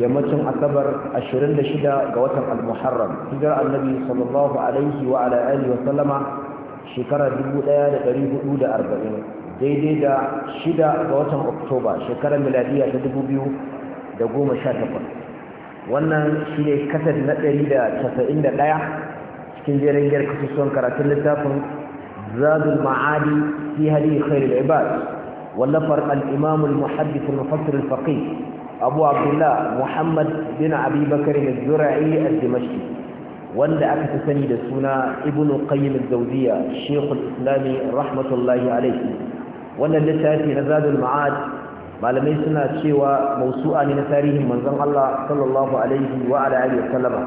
yammacin asabar 26 ga watan al-muharram hijirar annabi sallallahu alaihi wa ala alihi wa sallama shekara 1440 daidai da 6 ga watan oktoba shekarar miladiya ta 2018 wannan shine kasar na 191 cikin jerin gyar kasusuwan karatun littafin zadul ma'adi fi hadi khairul ibad wallafar al-imam al-muhaddith al-mufassir abu abdullah muhammad bin abi bakar al-zura'i al-dimashqi wanda aka fi sani da suna ibn qayyim al-zawdiyya shaykhul islam rahmatullahi alayhi wannan littafi na zadul ma'ad malamai suna cewa mausu'a ne na tarihin manzon Allah sallallahu alaihi wa ala alihi wa sallama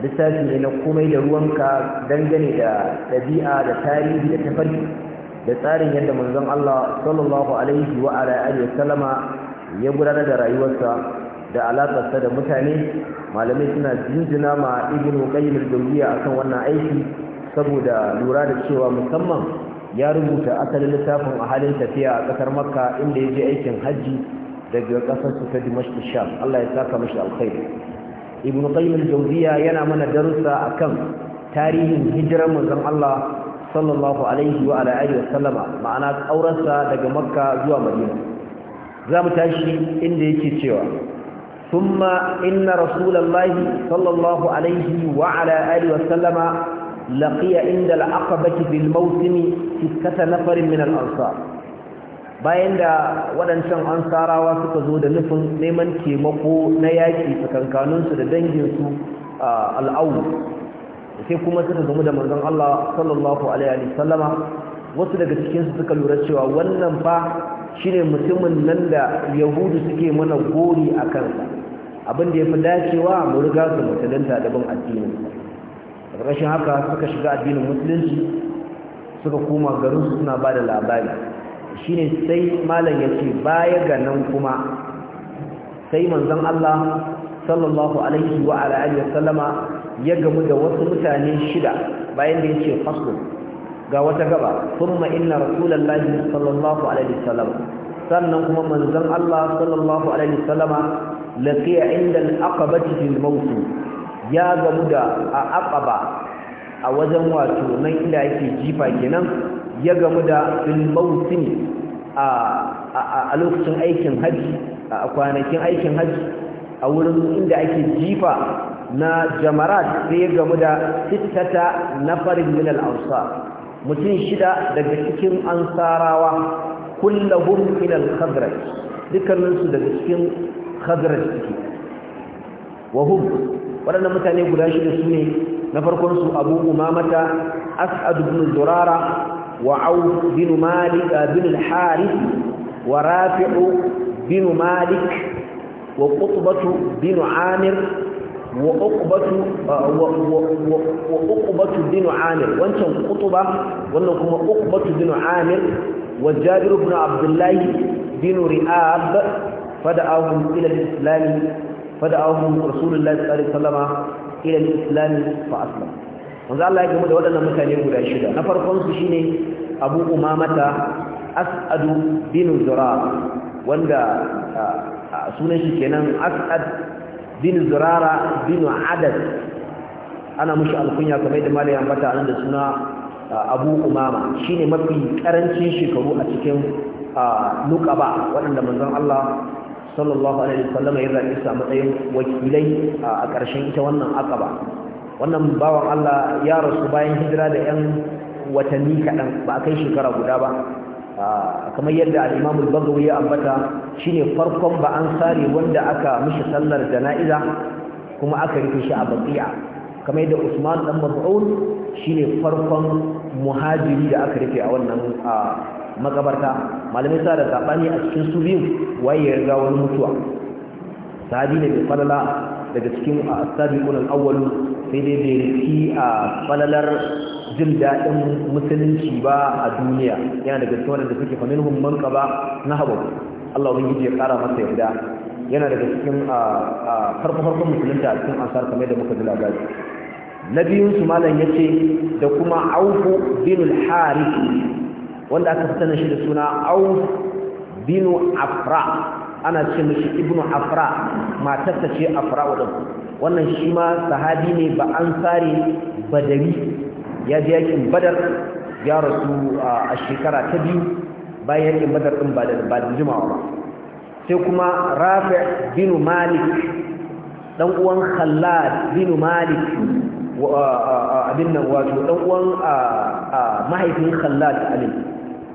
littafi ne na komai da ruwanka dangane da ɗabi'a da tarihi da tafarki da tsarin yadda manzon Allah sallallahu alaihi wa ala alihi wa sallama ya gudanar da rayuwarsa da alaƙarsa da mutane malamai suna jinjina ma ibnu qayyim al-jawziyya akan wannan aiki saboda lura da cewa musamman ya rubuta asalin littafin a halin tafiya a ƙasar makka inda ya je aikin hajji daga ƙasar su ta dimashq sham Allah ya saka mashi alkhairi ibnu qayyim al yana mana darussa akan tarihin hijirar manzon Allah sallallahu alaihi wa ala alihi wa sallama ma'ana aurarsa daga makka zuwa madina za mu tashi inda yake cewa thumma inna rasulallahi sallallahu alaihi wa ala alihi wa sallama laqiya inda al-aqabati bil mawsimi sittata nafarin min al-ansar bayan da waɗancan ansarawa suka zo da nufin neman taimako na yaƙi tsakankaninsu da danginsu al'awu sai kuma suka gamu da manzon Allah sallallahu alaihi wa sallama wasu daga cikinsu suka lura cewa wannan fa shine mutumin nan da yahudu suke mana gori a kansa abinda ya fi dacewa mu riga su musulunta da bin addinin Rashin haka suka shiga addinin musulunci suka koma garin su suna ba da labari shine sai malam ya ce baya ga nan kuma sai manzon Allah sallallahu alaihi wa ala ya gamu da wasu mutane shida bayan da ya ce faslun ga wata gaba thumma inna rasulullahi sallallahu alaihi wasallam sannan kuma manzon Allah sallallahu alaihi wasallama laqiya inda al-aqabati fil mawt ya gamu da a aqaba a wajen wato nan inda yake jifa kenan ya gamu da fil mawt a lokacin aikin haji a kwanakin aikin haji a wurin inda ake jifa na jamarat sai ya gamu da sittata nafarin min al-ansar mutum shida daga cikin ansarawa kullahum min al-khazraj dukkaninsu daga cikin khadraj suke wa hum waɗannan mutane guda shida su ne na farkon su abu umamata as'ad ibn zurara wa awf bin malik bin al-harith wa rafi' bin malik wa qutbatu bin amir wa ƙuƙubatu dinu ah, amir wancan ƙutuba wannan kuma ƙuƙubatu dinu amir wa jabiru abdullahi dinu ri'ab fada ahun ilal islami fada ahun rasulullah tsari salama ilal islami fa aslam wanzu Allah ya gama da waɗannan mutane guda shida na farkonsu shi ne abu umamata as'adu binu zura wanda ah, ah, sunan shi kenan as'ad bin zurara bin adad ana mushi alkunya kamar da malai ambata nan da suna uh, abu umama shine mafi karancin shekaru a cikin uh, nukaba waɗanda manzon Allah sallallahu alaihi wasallam ya rabi su a matsayin wakilai uh, a ƙarshen ita wannan akaba wannan bawan Allah ya rasu bayan hijira da 'yan watanni kaɗan ba a kai shekara guda ba Ah, kamar yadda al-Imam ya ambata shine farkon ba an sare wanda aka mishi sallar jana'iza kuma aka rufe shi a baqiya kamar yadda Usman dan Mas'ud shine farkon muhajiri da aka rufe a wannan makabarta malamai sa da saɓani a cikin su biyu waye ya riga wani mutuwa sahabi ne bai falala daga cikin asabiqun al-awwal sai dai bai riki a falalar jin daɗin musulunci ba a duniya yana daga cikin wanda suke fa minhum man qaba nahabu Allah ubangiji ya kara masa yarda yana daga cikin farko-farkon musulunta a cikin ansar kamar da muka ji gaji. na biyun su malam yace da kuma aufu binul harith wanda aka fi sanin shi da suna aufu bin afra ana ce mashi ibnu afra matarsa ce afra wadda wannan shi ma sahabi ne ba an sare badari ya ji yakin badar ya rasu a shekara ta biyu bayan yakin badar ɗin ba da jimawa ba sai kuma rafi bin malik dan uwan khallad bin malik abin nan wato dan uwan mahaifin khallad alim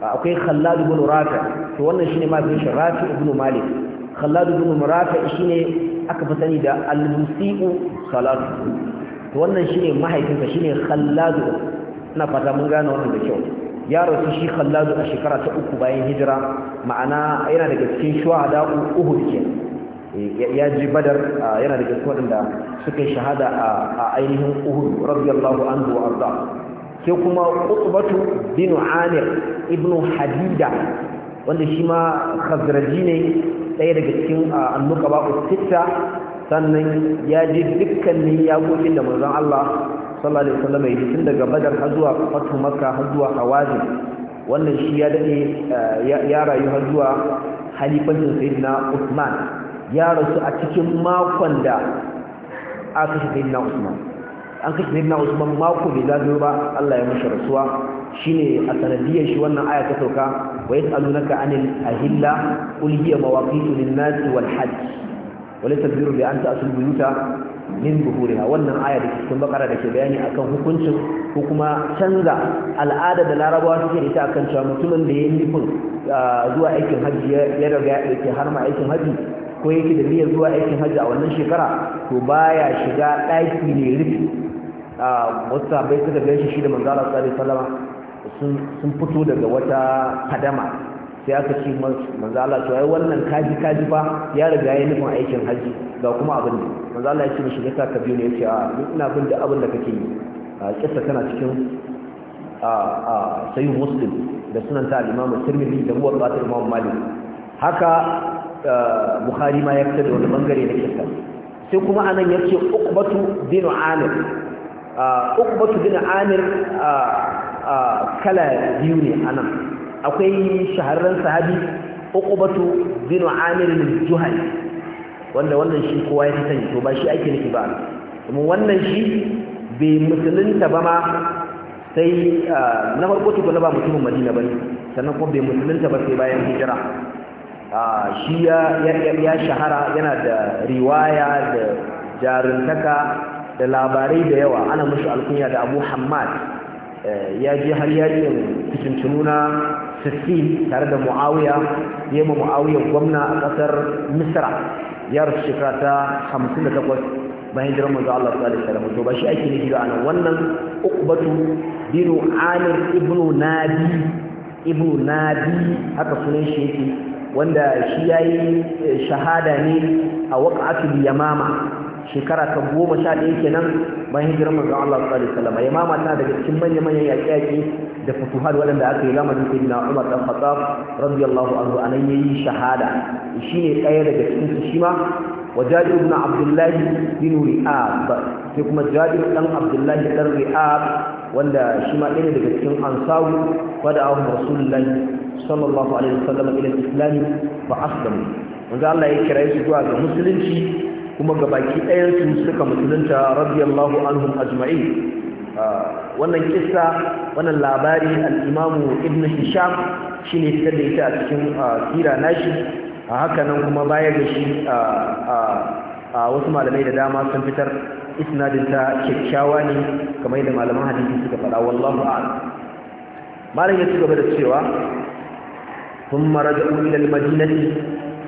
akwai khallad ibn rafi to wannan shine mahaifin shi rafi ibn malik khallad ibn rafi shine aka fi sani da al-musiu salatu to wannan shine mahaifinsa shine khallad ina fata mun gane wannan da kyau ya rasu shi khalladu a shekara ta uku bayan hijira ma'ana yana daga cikin shuhada uhud ke ya ji badar yana daga cikin wadanda suka shahada a ainihin uhud radiyallahu anhu wa arda sai kuma utbatu bin amir ibnu hadida wanda shi ma khazraji ne ɗaya daga cikin annuka ba sitta sannan ya ji dukkanin yakokin da manzon Allah sallallahu alaihi wasallam ya tun daga badar har zuwa fatu makka har zuwa hawazin wannan shi ya dade ya rayu har zuwa halifancin sayyidina Usman ya rasu a cikin makon da aka shi sayyidina Usman. an kashe sayyidina usman mako bai zagayo ba Allah ya mashi rasuwa shine a sanadiyar shi wannan aya ta sauka wa yas'alunaka anil ahilla hilla hiya mawaqitu lin-nas wal hajj wa la tadbiru da an ta'sul buyuta min buhuriha wannan aya da cikin bakara da ke bayani akan hukuncin ko kuma canza al'ada da larabawa suke ke ita akan cewa mutumin da ya yi nufin ah, zuwa aikin hajji ya riga ya ɗauke har ma aikin hajji ko yake da niyyar zuwa aikin hajji a wannan shekara to baya shiga ɗaki ne rufi wasu sahabbai suka gan shi da manzara sallallahu salama sun fito daga wata kadama sai aka ce manzala to ai wannan kaji kaji ba? ya riga ya nufin aikin haji ga kuma abin da manzala ya ce mishi ne ka biyo ne ya ce a ina bin da abin da kake yi kisa tana cikin a sayyid muslim da sunan ta al-imam tirmidhi da batar imam malik haka Buhari ma ya fita da wani bangare na kisa sai kuma anan ce Ukubatu, dinu amir uku ba su gina amir kala biyu ne a nan akwai shahararren sahabi uku ba su gina amir wanda wannan shi kowa ya fi sani to ba shi ake nufi ba kuma wannan shi bai musulunta ba ma sai na farko na ba mutumin madina ba ne sannan kuma bai musulunta ba sai bayan hijira shi ya shahara yana da riwaya da jarintaka da labarai da yawa ana mushi alkunya da abu hamad eh, ya je har yakin fitintunu na sassin tare da mu'awiya ya ma mu'awiyar gwamna a ƙasar misra ya rasu shekara ta 58 bayan jiran manzo Allah sallallahu alaihi wasallam to ba shi ake nufi ba anan wannan uqbatu binu amir ibnu nadi ibnu nadi haka sunan shi yake wanda shi yayi eh, shahada ne a waqa'atul yamama shekara ta goma sha ɗaya kenan bayan hijirar manzon Allah sallallahu alaihi wasallam ya mama tana daga cikin manyan manyan yaƙe-yaƙe da futuhat waɗanda aka yi zamanin sayyidina Umar dan Khattab radiyallahu anhu anan yayi shahada shine ɗaya daga cikin su shi ma وجابر بن عبد الله sai kuma Jabir dan Abdullahi dan Ri'ab wanda shima ɗaya daga cikin ansawu wada ahu Rasulullahi sallallahu alaihi wasallam ila al-islam fa aslamu wanda Allah ya kira su zuwa ga musulunci kuma ga baki ɗayansu suka musulunta radiyallahu anhum ajma'i ah, wannan kissa wannan labari al-imamu ibn hisham shine fitar da ita a cikin ah, sira nashi a haka nan kuma baya gashi shi a ah, wasu malamai da dama sun fitar isnadin ta kyakkyawa ne kamar da malaman hadisi suka faɗa wallahu a'lam malam ya ci gaba da cewa ثم رجعوا إلى المدينة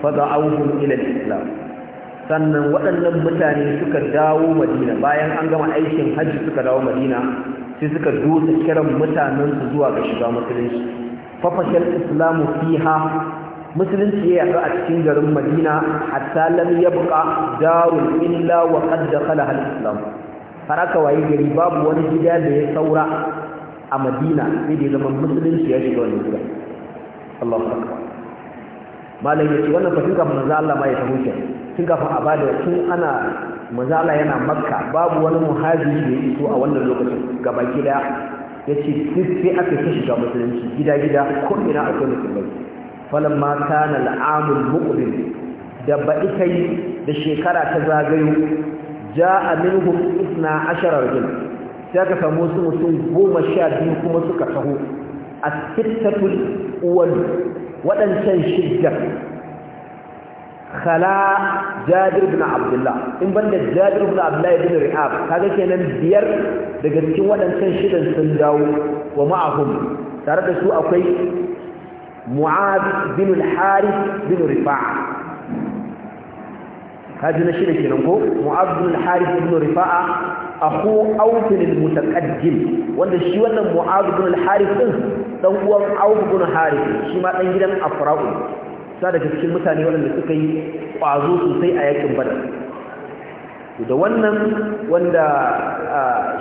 فدعوهم إلى الإسلام sannan waɗannan mutane suka dawo madina bayan an gama aikin hajji suka dawo madina sai suka dosa kiran mutanensu zuwa ga shiga musulunci fafashar islamu fiha musulunci ya yi a cikin garin madina hatta lam yabqa darun illa wa qad dakhala al-islam har aka waye gari babu wani gida da ya saura a madina sai da zaman musulunci ya shiga wannan gida Allahu akbar malam ya ce wannan fa kafin manzo Allah ma ya taho ke tun a tun ana manzo Allah yana makka babu wani muhajiri da ya iso a wannan lokacin gaba gida ya ce duk sai aka ta shiga musulunci gida gida ko ina akwai musulmai falamma kana al'amul muqbil da baɗi yi da shekara ta zagayo ja'a minhum 12 rajul sai ka samu su mutum biyu kuma suka taho a sittatul uwal waɗancan shiddar khala jabir bin abdullah in banda jabir bin abdullah bin ri'ab kaga kenan biyar daga cikin waɗancan shidan sun dawo wa ma'ahum tare da su akwai mu'ad bin al-harith bin rifa'a kaji na shida kenan ko mu'adh bin harith ibn rifa'a akhu awf bin mutaqaddim wanda shi wannan mu'adh bin harith din dan uwan awf bin harith shi ma dan gidan afra'u sa daga cikin mutane waɗanda suka yi kwazo sosai a yakin badar da wannan wanda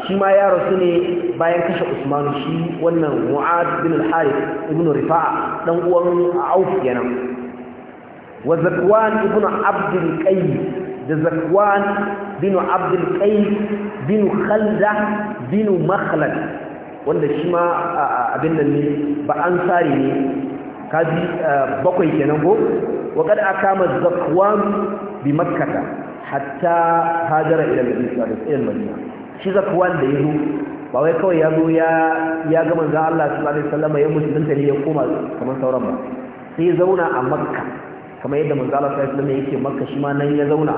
shi ma ya rasu ne bayan kashe Usman shi wannan Mu'ad bin al-Harith ibn Rifa'a dan uwan Auf kenan wa zakwan ibn abd da zakwan bin abd al-qayy bin khalda bin makhlad wanda shi ma abin nan ne ba ansari ne kaji bakwai kenan ko wa kad akama zakwan bi makkah hatta hajara ila nabi sallallahu shi zakwan da yazo ba wai kawai ya zo ya ga manzo Allah sallallahu alaihi wasallam ya musulunta ne ya koma kamar sauran ba sai zauna a makka kamar yadda manzala Allah sallallahu yake makka shi ma nan ya zauna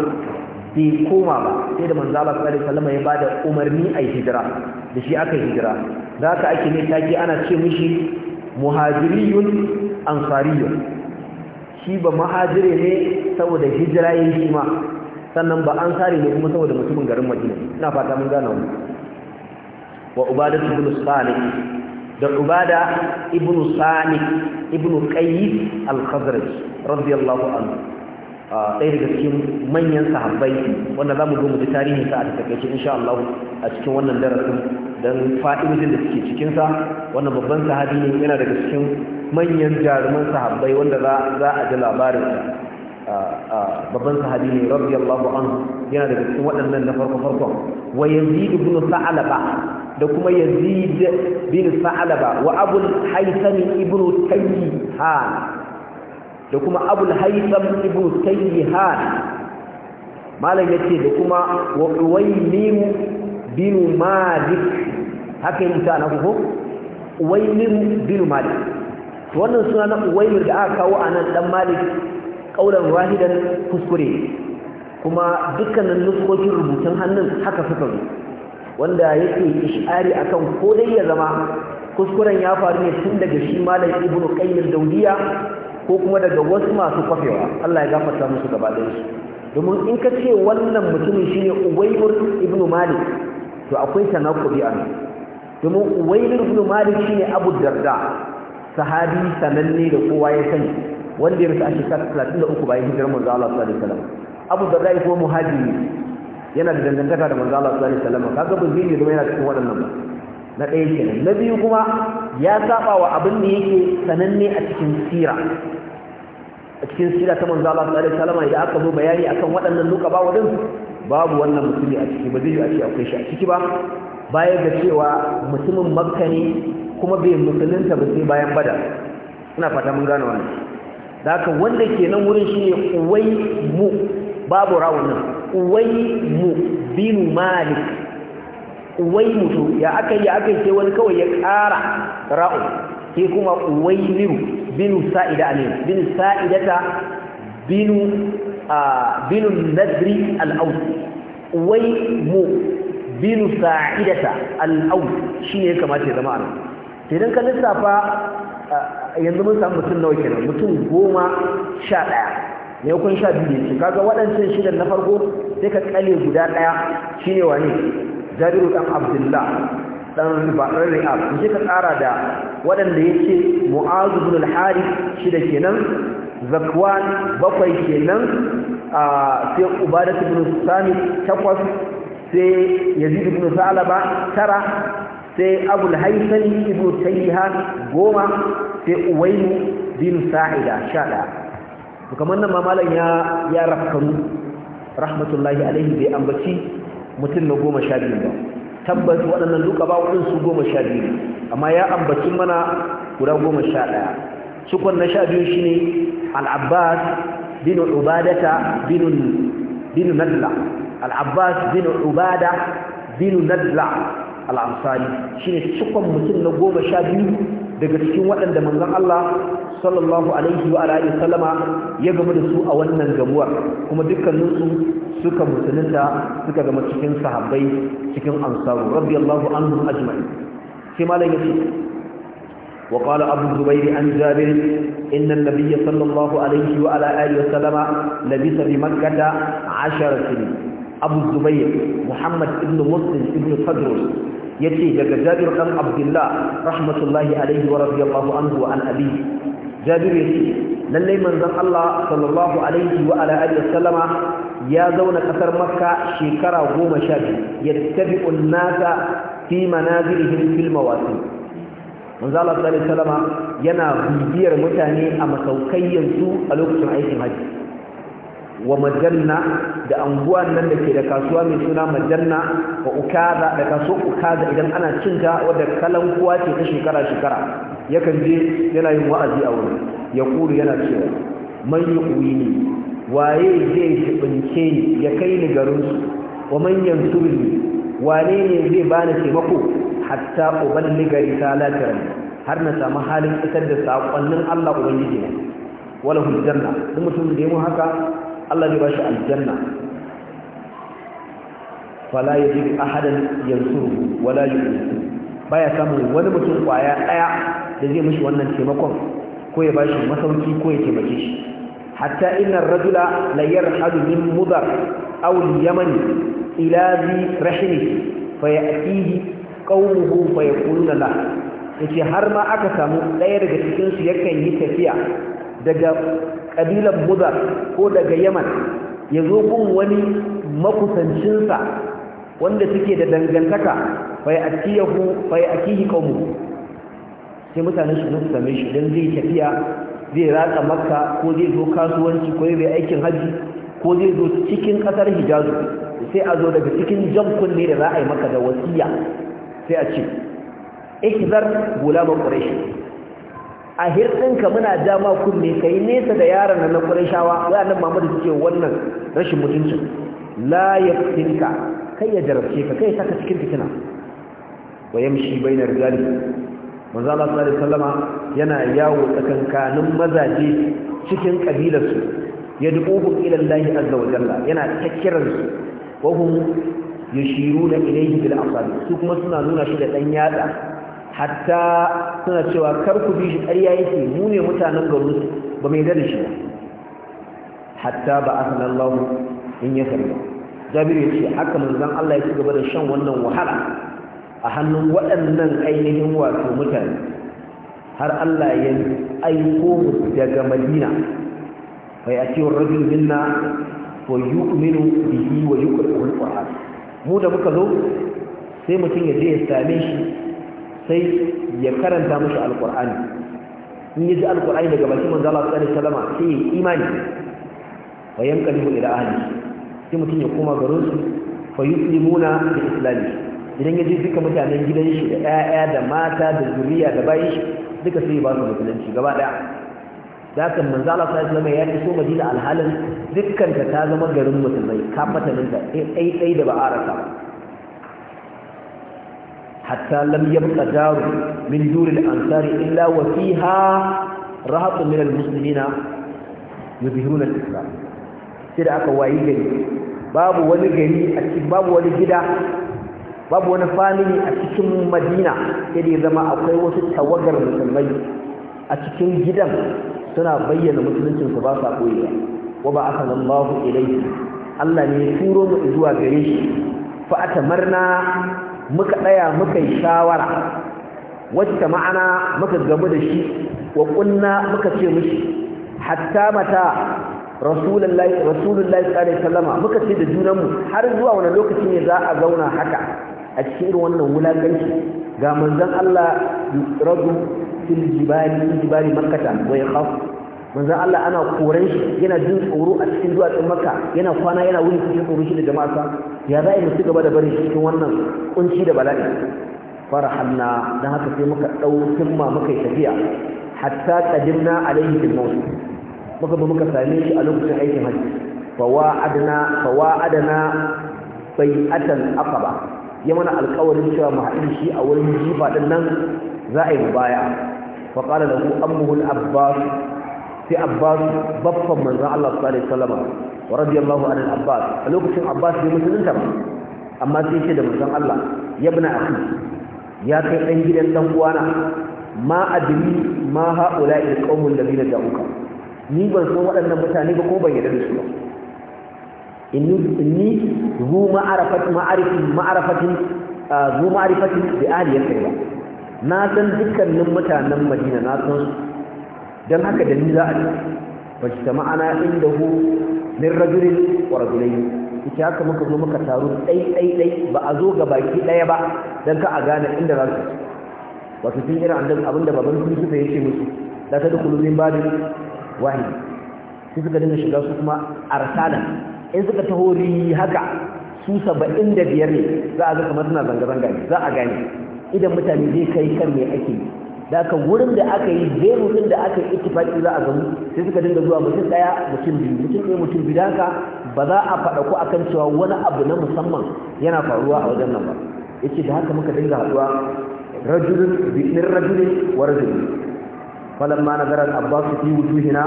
bai koma ba sai da manzala Allah sallallahu ya bada umarni a hijira da shi aka hijira zaka ake ne take ana ce mishi muhajiriyun ansariyun shi ba muhajire ne saboda hijira yayin shi ma sannan ba ansari ne kuma saboda mutumin garin Madina ina fata mun gane wa ubadatu bin salih da ubada ibnu sani ibnu qayyis al-khazraj radiyallahu anhu ɗaya daga cikin manyan sahabbai wanda za mu zo mu ji tarihin sa a takaice insha Allah a cikin wannan darasin dan fa'idodin da suke cikin sa wannan babban sahabi ne yana daga cikin manyan jaruman sahabbai wanda za za a ji labarin sa babban sahabi ne radiyallahu anhu yana daga cikin waɗannan na farko farko wa yazid ibn sa'alaba da kuma yazid bin sa'alaba wa abul haytham ibn tayyihan da kuma abul haytham ibn tayyihan malam yace da kuma wa uwaymin bin malik haka yin ta na ko uwaymin bin malik wannan suna na uwaymin da aka kawo a nan dan malik ƙaunar wahidan kuskure kuma dukkanin nufokin rubutun hannun haka suka zo wanda yake ishari akan ko dai ya zama kuskuren ya faru ne tun daga shi malam ibnu ƙayyar daudiya ko kuma daga wasu masu kwafewa Allah ya gafarta musu gaba da domin in ka ce wannan mutumin shine uwaybur Ibn malik to akwai tanakubi a nan domin uwaybur Ibn malik shine abu darda sahabi sananne da kowa ya sani wanda ya rasu a shekara 33 bayan hijirar manzo Allah sallallahu alaihi wasallam Abu Darda ko muhajiri yana da dangantaka da manzo Allah sallallahu alaihi wasallam kaga ba zai zama yana cikin waɗannan ba na ɗaya kenan na biyu kuma ya saba wa abin da yake sananne a cikin sira a cikin sira ta manzo Allah sallallahu alaihi wasallam idan aka zo bayani akan waɗannan duka ba wadin babu wannan mutumi a ciki ba zai yi a ce akwai shi a ciki ba baya ga cewa mutumin makka ne kuma bai musulunta ba sai bayan bada ina fata mun gane wannan da haka wanda ke nan wurin shi ne uwai mu babu rawun nan uwai mu binu malik uwai mutu ya aka yi aka yi wani kawai ya ƙara ra'u ke kuma uwai miru binu sa'ida amin binu sa'idata binu binu nadri al'aus uwai mu binu sa'idata al'aus shi ne ya kamata ya zama a nan sai don ka lissafa yanzu mun samu mutum nawa kenan mutum goma sha ɗaya ne kun sha biyu ne kaga waɗancan shidan na farko sai ka kale guda ɗaya shine wani jabiru ɗan abdullah ɗan baɗar ri'ab sai ka tsara da waɗanda ya ce mu'azu bin al hari shida kenan zakwan bakwai kenan sai ubadatu bin sami takwas sai yazidu bin salaba tara sai abul haisani ibn tayyihan goma sai uwainu bin sa'ida sha ɗaya to kamar nan ma malam ya rafkaru rahmatullahi alaihi bai ambaci mutum na goma sha biyu ba tabbas waɗannan duka ba waɗin su goma sha biyu amma ya ambaci mana guda goma sha ɗaya na sha biyu shine al-abbas bin ubadata bin nadla al-abbas bin ubada bin nadla al'amsari shi ne cikon mutum na goma sha biyu daga cikin waɗanda manzon Allah sallallahu alaihi wa alihi sallama ya gama da su a wannan gamuwar kuma dukkaninsu suka musulunta suka gama cikin sahabbai cikin ansaru an anhum ajma'in sai malam yace وقال أبو الزبير عن جابر إن النبي صلى الله عليه وعلى آله وسلم لبث بمكة عشر سنين abu zubair muhammad ibn muslim ibn Fadros ya ce daga jabir ɗan abdullah rahmatullahi alaihi wa radiyallahu anhu an abi jabir ya ce lallai manzan allah sallallahu alaihi wa ala alihi wasallama ya zauna ƙasar makka shekara goma sha biyu ya tabi'u nasa fi manazilihim fil mawasim manzo Allah sallallahu alaihi wasallama yana bibiyar mutane a masaukai yanzu a lokacin aikin hajji wa majanna da anguwan nan da ke da kasuwa mai suna majanna wa ukaza da kaso ukaza idan ana cinta wadda kalan kuwa ce ta shekara-shekara yakan je yana yin wa'azi a wurin ya kuru yana cewa man yi ne waye zai shibince ni ya kai ni garinsu wa manyan yansuri wane ne zai bani taimako hatta ta risalatar har na samu halin isar da saƙonnin Allah ubangiji ne wala hujjanna duk mutum da yamu haka Allah zai bashi aljanna fala yajidu ahadan yansuru wala yu'in baya samun wani mutum kwaya daya da zai mishi wannan taimakon ko ya bashi masauki ko ya taimake shi hatta inna ar-rajula la yarhadu min mudar aw al-yaman ila zi rahimi fa ya'tihi qawmuhu fa yaquluna la yace har ma aka samu daya daga cikin su yakan yi tafiya daga kabilan buda ko daga yaman ya zo gun wani makusancinsa wanda suke da dangantaka fai akiyahu fai akihi qawmu sai mutanen shi su same shi dan zai tafiya zai ratsa makka ko zai zo kasuwanci ko zai aikin haji ko zai zo cikin kasar hijaz sai a zo daga cikin jankun ne da za a yi maka da wasiya sai a ce gula ba quraish a hirɗinka muna dama kunne ka yi nesa da yaran na ƙurashawa wai annabi Muhammad suke wannan rashin mutuncin la ka. kai ya jarabce ka kai saka cikin fitina wa yamshi bainar rijali manzo Allah sallallahu alaihi salama yana yawo tsakankanin mazaje cikin ƙabilarsu, ya yad'uhum buƙilan Allah azza wa jalla yana takkiran su wa da yashiruna ilayhi bil su kuma suna nuna shi da ɗan yaɗa hatta suna cewa kar ku bi shi ƙarya yake mu ne mutanen garin ba mai da shi hatta ba asalallahu in ya karba jabir ya ce haka zan Allah ya ci gaba da shan wannan wahala a hannun waɗannan ainihin wato mutane har Allah ya aiko mu daga Madina fa yati ar-rajul minna wa yu'minu bihi wa yuqra'u al-Qur'an mu da muka zo sai mutum ya je ya same shi sai ya karanta mashi alkur'ani in ya ji alkur'ani daga bakin manzo Allah sallallahu alaihi wasallam sai ya imani wa yanqalibu ila ahli sai mutum ya koma garin su fa yuslimuna bi islami idan ya ji duka mutanen gidan shi da ƴaƴa da mata da zuriya da bayin duka sai ba su musulunci gaba daya da kan manzo Allah sallallahu alaihi wasallam ya iso Madina alhalin dukkan ta ta zama garin musulmai kafatanta ɗai ɗai da ba a rasa hatta lam yabqa daru min duril ansari illa wasiha, fiha rahatun min almuslimina yuzhiruna al-islam sai da aka wayi gari babu wani gari babu wani gida babu wani family a cikin madina sai ya zama akwai wasu tawagar musulmai a cikin gidan suna bayyana musuluncin su ba sa koyewa wa ba aka Allah ne ya turo mu zuwa gare shi fa atamarna muka ɗaya muka yi shawara wacce ma'ana muka gamu da shi wa kunna muka ce mishi hatta mata rasulullahi rasulullahi sallallahu alaihi muka ce da mu har zuwa wani lokaci ne za a zauna haka a cikin wannan wulakanci ga manzon Allah radu fil jibali jibali makkata wa yakhafu manzon Allah ana koran shi yana jin tsoro a cikin duwatsun maka. yana kwana yana wuni cikin tsoro shi da jama'arsa ya za yi ci gaba da barin shi cikin wannan kunci da bala'i farahanna dan haka sai muka dau himma muka tafiya hatta qadimna alayhi bil mawt muka muka same shi a lokacin aikin hajji bai atan bai'atan ba. ya mana alƙawarin cewa mu haɗin shi a wurin jifa ɗin nan za a yi baya fa qala lahu ammuhu al-abbas sai abbas babban manzon Allah sallallahu alaihi wasallam radiyallahu anhu abbas a lokacin abbas bai musulunta ba amma sai ce da manzon Allah ya ibn akhi ya kai dan gidan dan uwana ma adri ma haula il qaumul ladina ja'uka ni ban san waɗannan mutane ba ko ban yarda da su ba inni inni zu ma'arafat ma'arifin ma'arafatin zu ma'arifatin bi ahli yakai ba na san dukkanin mutanen Madina na san su don haka da ni za a shi ta ma'ana inda hu min rajulin wa rajulaini ita haka muka zo muka taru ɗai ɗai ɗai ba a zo ga baki ɗaya ba don ka a gane inda za su wato sun irin andan abin da baban sun suka yake musu da ta dukulu min babin wahidi su suka dinga shiga su kuma arsala in suka taho haka su saba'in da biyar ne za a ga kamar suna zanga-zanga za a gane idan mutane zai kai kan me ake da aka wurin da aka yi zai din da aka yi itifaki za a gamu sai suka dinga zuwa mutum daya mutum biyu mutum ɗaya mutum biyu haka ba za a faɗa ku akan cewa wani abu na musamman yana faruwa a wajen nan ba yace da haka muka dinga haɗuwa rajulun bi rajulin wa rajulin falamma nazara al-abbas fi wujuhina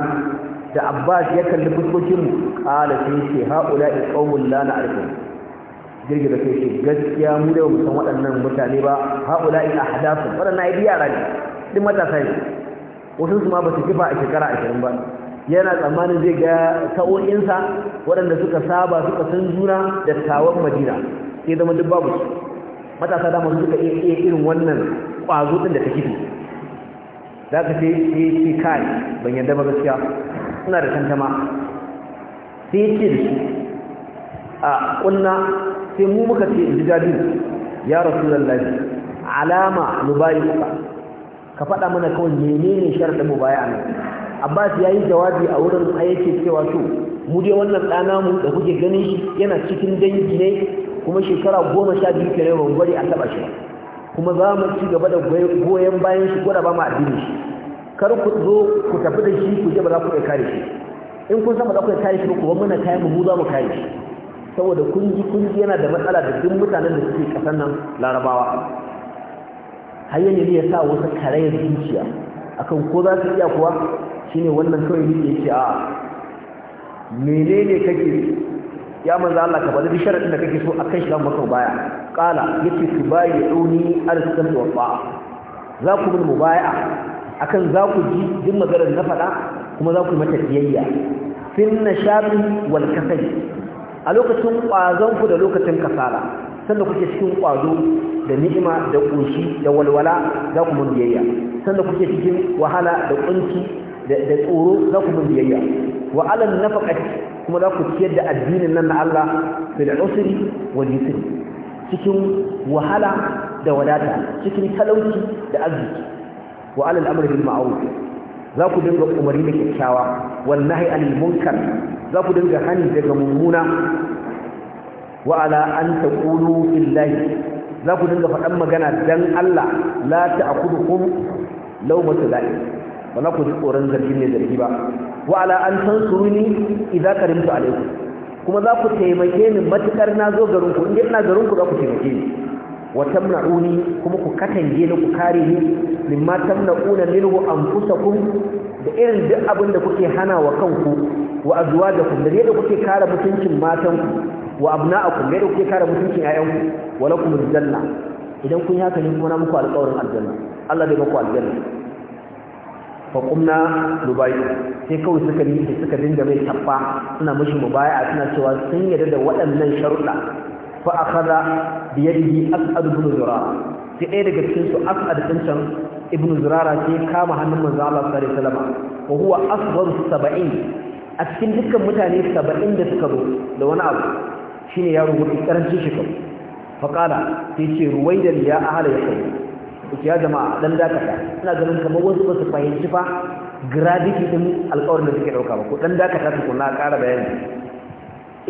da abbas ya kalli fuskokin mu qala sai ce ha'ula'i qaumun la na'rifu girgiza kai shi gaskiya mu da mu san waɗannan mutane ba haula ila ahdathu waɗannan ai yara ne din matasa ne wasu su ma ba su kifa a shekara 20 ba yana tsammanin zai ga sa'o'insa waɗanda suka saba suka san juna da tawon madina sai zama duk babu matasa da su suka iya irin wannan ƙwazo ɗin da ta kifi za ka sai ce eh, kai ban yadda ba gaskiya suna da tantama sai ce da su a ƙunna sai mu muka ce in ji jabir ya rasulullahi alama mubayi'uka ka faɗa mana kawai menene sharadin mubayyan ne abbas yayi jawabi a wurin yake cewa to mu dai wannan dana mu da kuke ganin shi yana cikin dangi ne kuma shekara goma sha biyu kenan rungwari a taba shi kuma za mu ci gaba da goyon bayan shi ko da ba mu addini shi kar ku zo ku tafi da shi ku je ba za ku iya kare shi in kun san ba za ku kai kare shi ba ku ba muna kayan mu za mu kare shi saboda kunji kungi yana da matsala da duk mutanen da suke kasan nan larabawa har yanzu ya sa wasu karayar zuciya akan ko za su iya kuwa shine wannan kawai yake ce a menene kake ya manzo Allah ka bada sharadin da kake so akan shi maka baya qala yake su bayi duni arsan wa fa za ku bin mubaya akan za ku ji din maganar na faɗa. kuma za ku mata biyayya fin shafi wal kasali a lokacin ƙwazonku da lokacin kasala sanda kuke cikin ƙwazo da ni'ima da ƙunshi da walwala za ku mun biyayya sanda kuke cikin wahala da ƙunci da tsoro za ku mun biyayya wa alal nafaqati kuma za ku ciyar da addinin nan na Allah bil usri wal yusri cikin wahala da wadata cikin talauci da arziki wa alal amri bil ma'ruf za ku dinga umarni da kyakkyawa wallahi anil munkar za ku dinga hani daga mummuna wa ala an taqulu billahi za ku dinga faɗan magana dan Allah la ta'khudhukum lawmatu la'in ba za ku ji tsoron zargi ne zargi ba wa ala an tansuruni idza qarimtu alaykum kuma za ku taimake ni matukar na zo garin ku inda ina garin ku za ku taimake ni wa tamna'uni kuma ku katange ni ku kare ni mimma tamna'una minhu anfusakum da irin duk abin da kuke hana wa kanku wa azwajakum da yadda kuke kare mutuncin matanku wa abna'akum da yadda kuke kare mutuncin ayyanku wa lakum aljanna idan kun haka ne kuma na muku alƙawarin aljanna Allah bai muku aljanna fa qumna lubayyi sai kawai suka yi suka dinga mai tabba suna mishi mubaya'a suna cewa sun yarda da waɗannan sharuɗa fa akhadha bi yadihi as'ad ibn zurara sai ɗaya daga cikin su as'ad din can ibn zurara sai kama hannun manzo Allah sallallahu alaihi wasallam wa huwa asghar 70 a cikin dukkan mutane 70 da suka zo da wani abu shine yaro mafi karancin shekaru fa qala sai ce ruwaidan ya ahla yaqul kuke ya jama'a dan dakata ina ganin kamar wasu ba su fahimci fa gravity din alƙawarin da suke dauka ba ko dan dakata su kuna ƙara bayani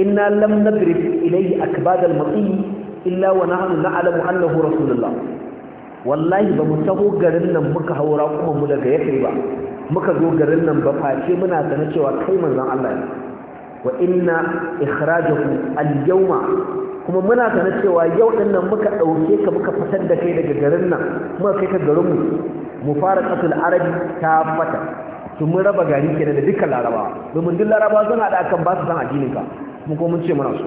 inna lam nadrib ilayhi akbadal mati illa wa nahnu na'lamu annahu rasulullah wallahi ba mu taho garin nan muka haura kuma mu daga yake ba muka zo garin nan ba face muna sanar cewa kai manzon Allah ne wa inna ikhrajahu al-yawma kuma muna sanar cewa yau din nan muka dauke ka muka fitar da kai daga garin nan muka kai ka garin mu mufaraqatul arabi ta fata to mun raba gari kenan da duka larabawa domin duk larabawa suna da akan ba su san addinin ka mu kuma mun ce muna so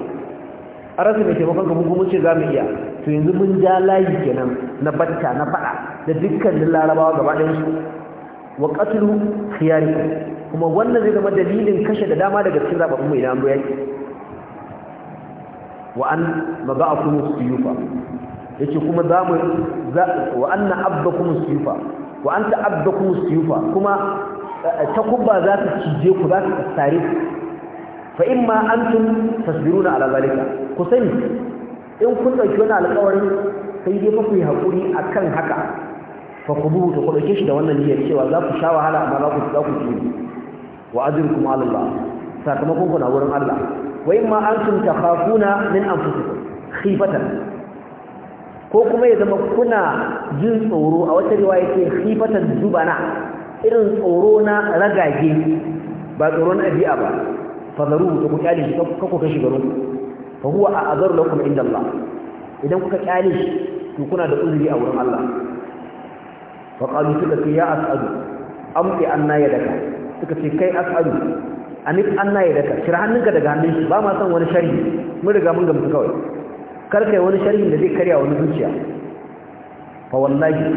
a rasa mai taimakon ka mu kuma mun ce za mu iya to yanzu mun ja layi kenan na batta na faɗa da dukkanin larabawa gaba ɗayan su wa qatlu khiyarikum kuma wannan zai zama dalilin kashe da dama daga cikin zababbun mu idan an yaki wa an maba'akum suyufa yace kuma za mu za wa anna abbakum suyufa wa anta abbakum suyufa kuma eh, takubba za ta cije ku za ta tsare fa imma antum tasbiruna ala zalika ku sani in kun ɗauki wani alƙawari sai dai fa ku yi a kan haka fa ku bu ta shi da wannan niyyar cewa za ku sha wahala amma za ku za ku ci wa ajrukum kuma Allah sakamakon ku na wurin Allah wa imma antum takhafuna min anfusikum khifatan ko kuma ya zama kuna jin tsoro a wata riwaya ce khifatan zubana irin tsoro na ragage ba tsoron na abi'a ba fadaruhu ta ku kyale shi ka ku kashi garin ku fa huwa a azar lakum inda Allah idan kuka kyale shi to kuna da uzuri a wurin Allah fa qalu suka ce ya as'adu amti anna yadaka suka ce kai as'adu anif anna yadaka kira hannunka daga hannun shi ba ma san wani sharhi mun riga mun gamsu kawai kar kai wani sharhi da zai karya wani zuciya fa wallahi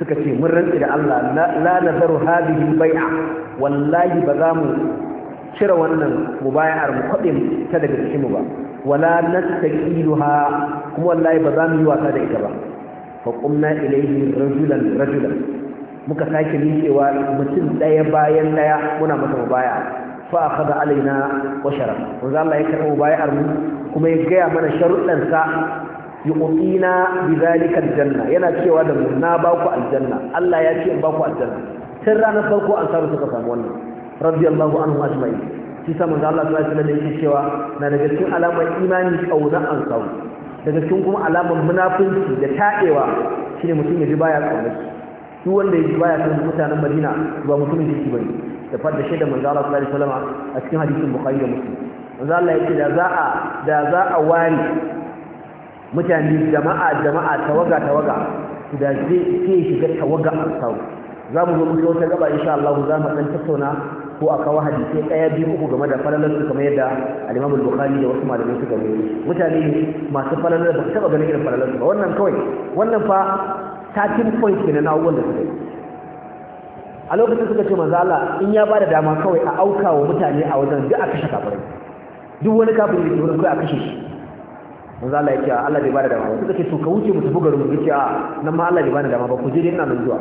suka ce mun rantsi da Allah la nazaru hadhihi bai'a wallahi ba za mu cire wannan mubaya'ar mu kwaɗe ta daga cikinmu ba wala nastaqiluha kuma wallahi ba za mu yi wasa da ita ba fa qumna ilayhi rajulan rajulan muka sake miƙewa mutum ɗaya bayan ɗaya muna masa mubaya fa akhadha alaina wa sharaf wanzu Allah ya karɓa mubaya'ar mu kuma ya gaya mana sharuɗan sa yuqina bidhalika aljanna yana cewa da mu na ba ku aljanna Allah ya ce in ba ku aljanna tun ranar farko an samu suka samu wannan radiyallahu anhu ajma'in shi sa manzo Allah sallallahu alaihi wasallam cewa na daga cikin alamar imani kauna an kawo daga cikin kuma alamar munafunci da ta'ewa shine mutum ya ji baya kauna duk wanda ya ji baya kauna mutanen Madina ba mutumin jiki bane da fadda shaidar manzo Allah sallallahu alaihi wasallam a cikin hadisin Bukhari da Muslim manzo Allah yake da za a da za a wari mutane jama'a jama'a tawaga tawaga da zai shiga tawaga an kawo za mu zo mu wata gaba insha Allah za mu dan tattauna ko a kawo hadisi ɗaya biyu uku game da falalar su kamar yadda al-Imam al-Bukhari da wasu malamai suka yi mutane masu falalar ba taba ganin irin falalar ba wannan kawai wannan fa starting point ne na wannan da suka a lokacin suka ce manzo Allah in ya bada dama kawai a auka wa mutane a wajen duk a kashe kafirai duk wani kafin da ke wurin kai a kashe shi manzo Allah yake Allah bai bada dama suka ce to ka wuce mu tafi garin mu yace a nan ma Allah bai bada dama ba ku je ina nan zuwa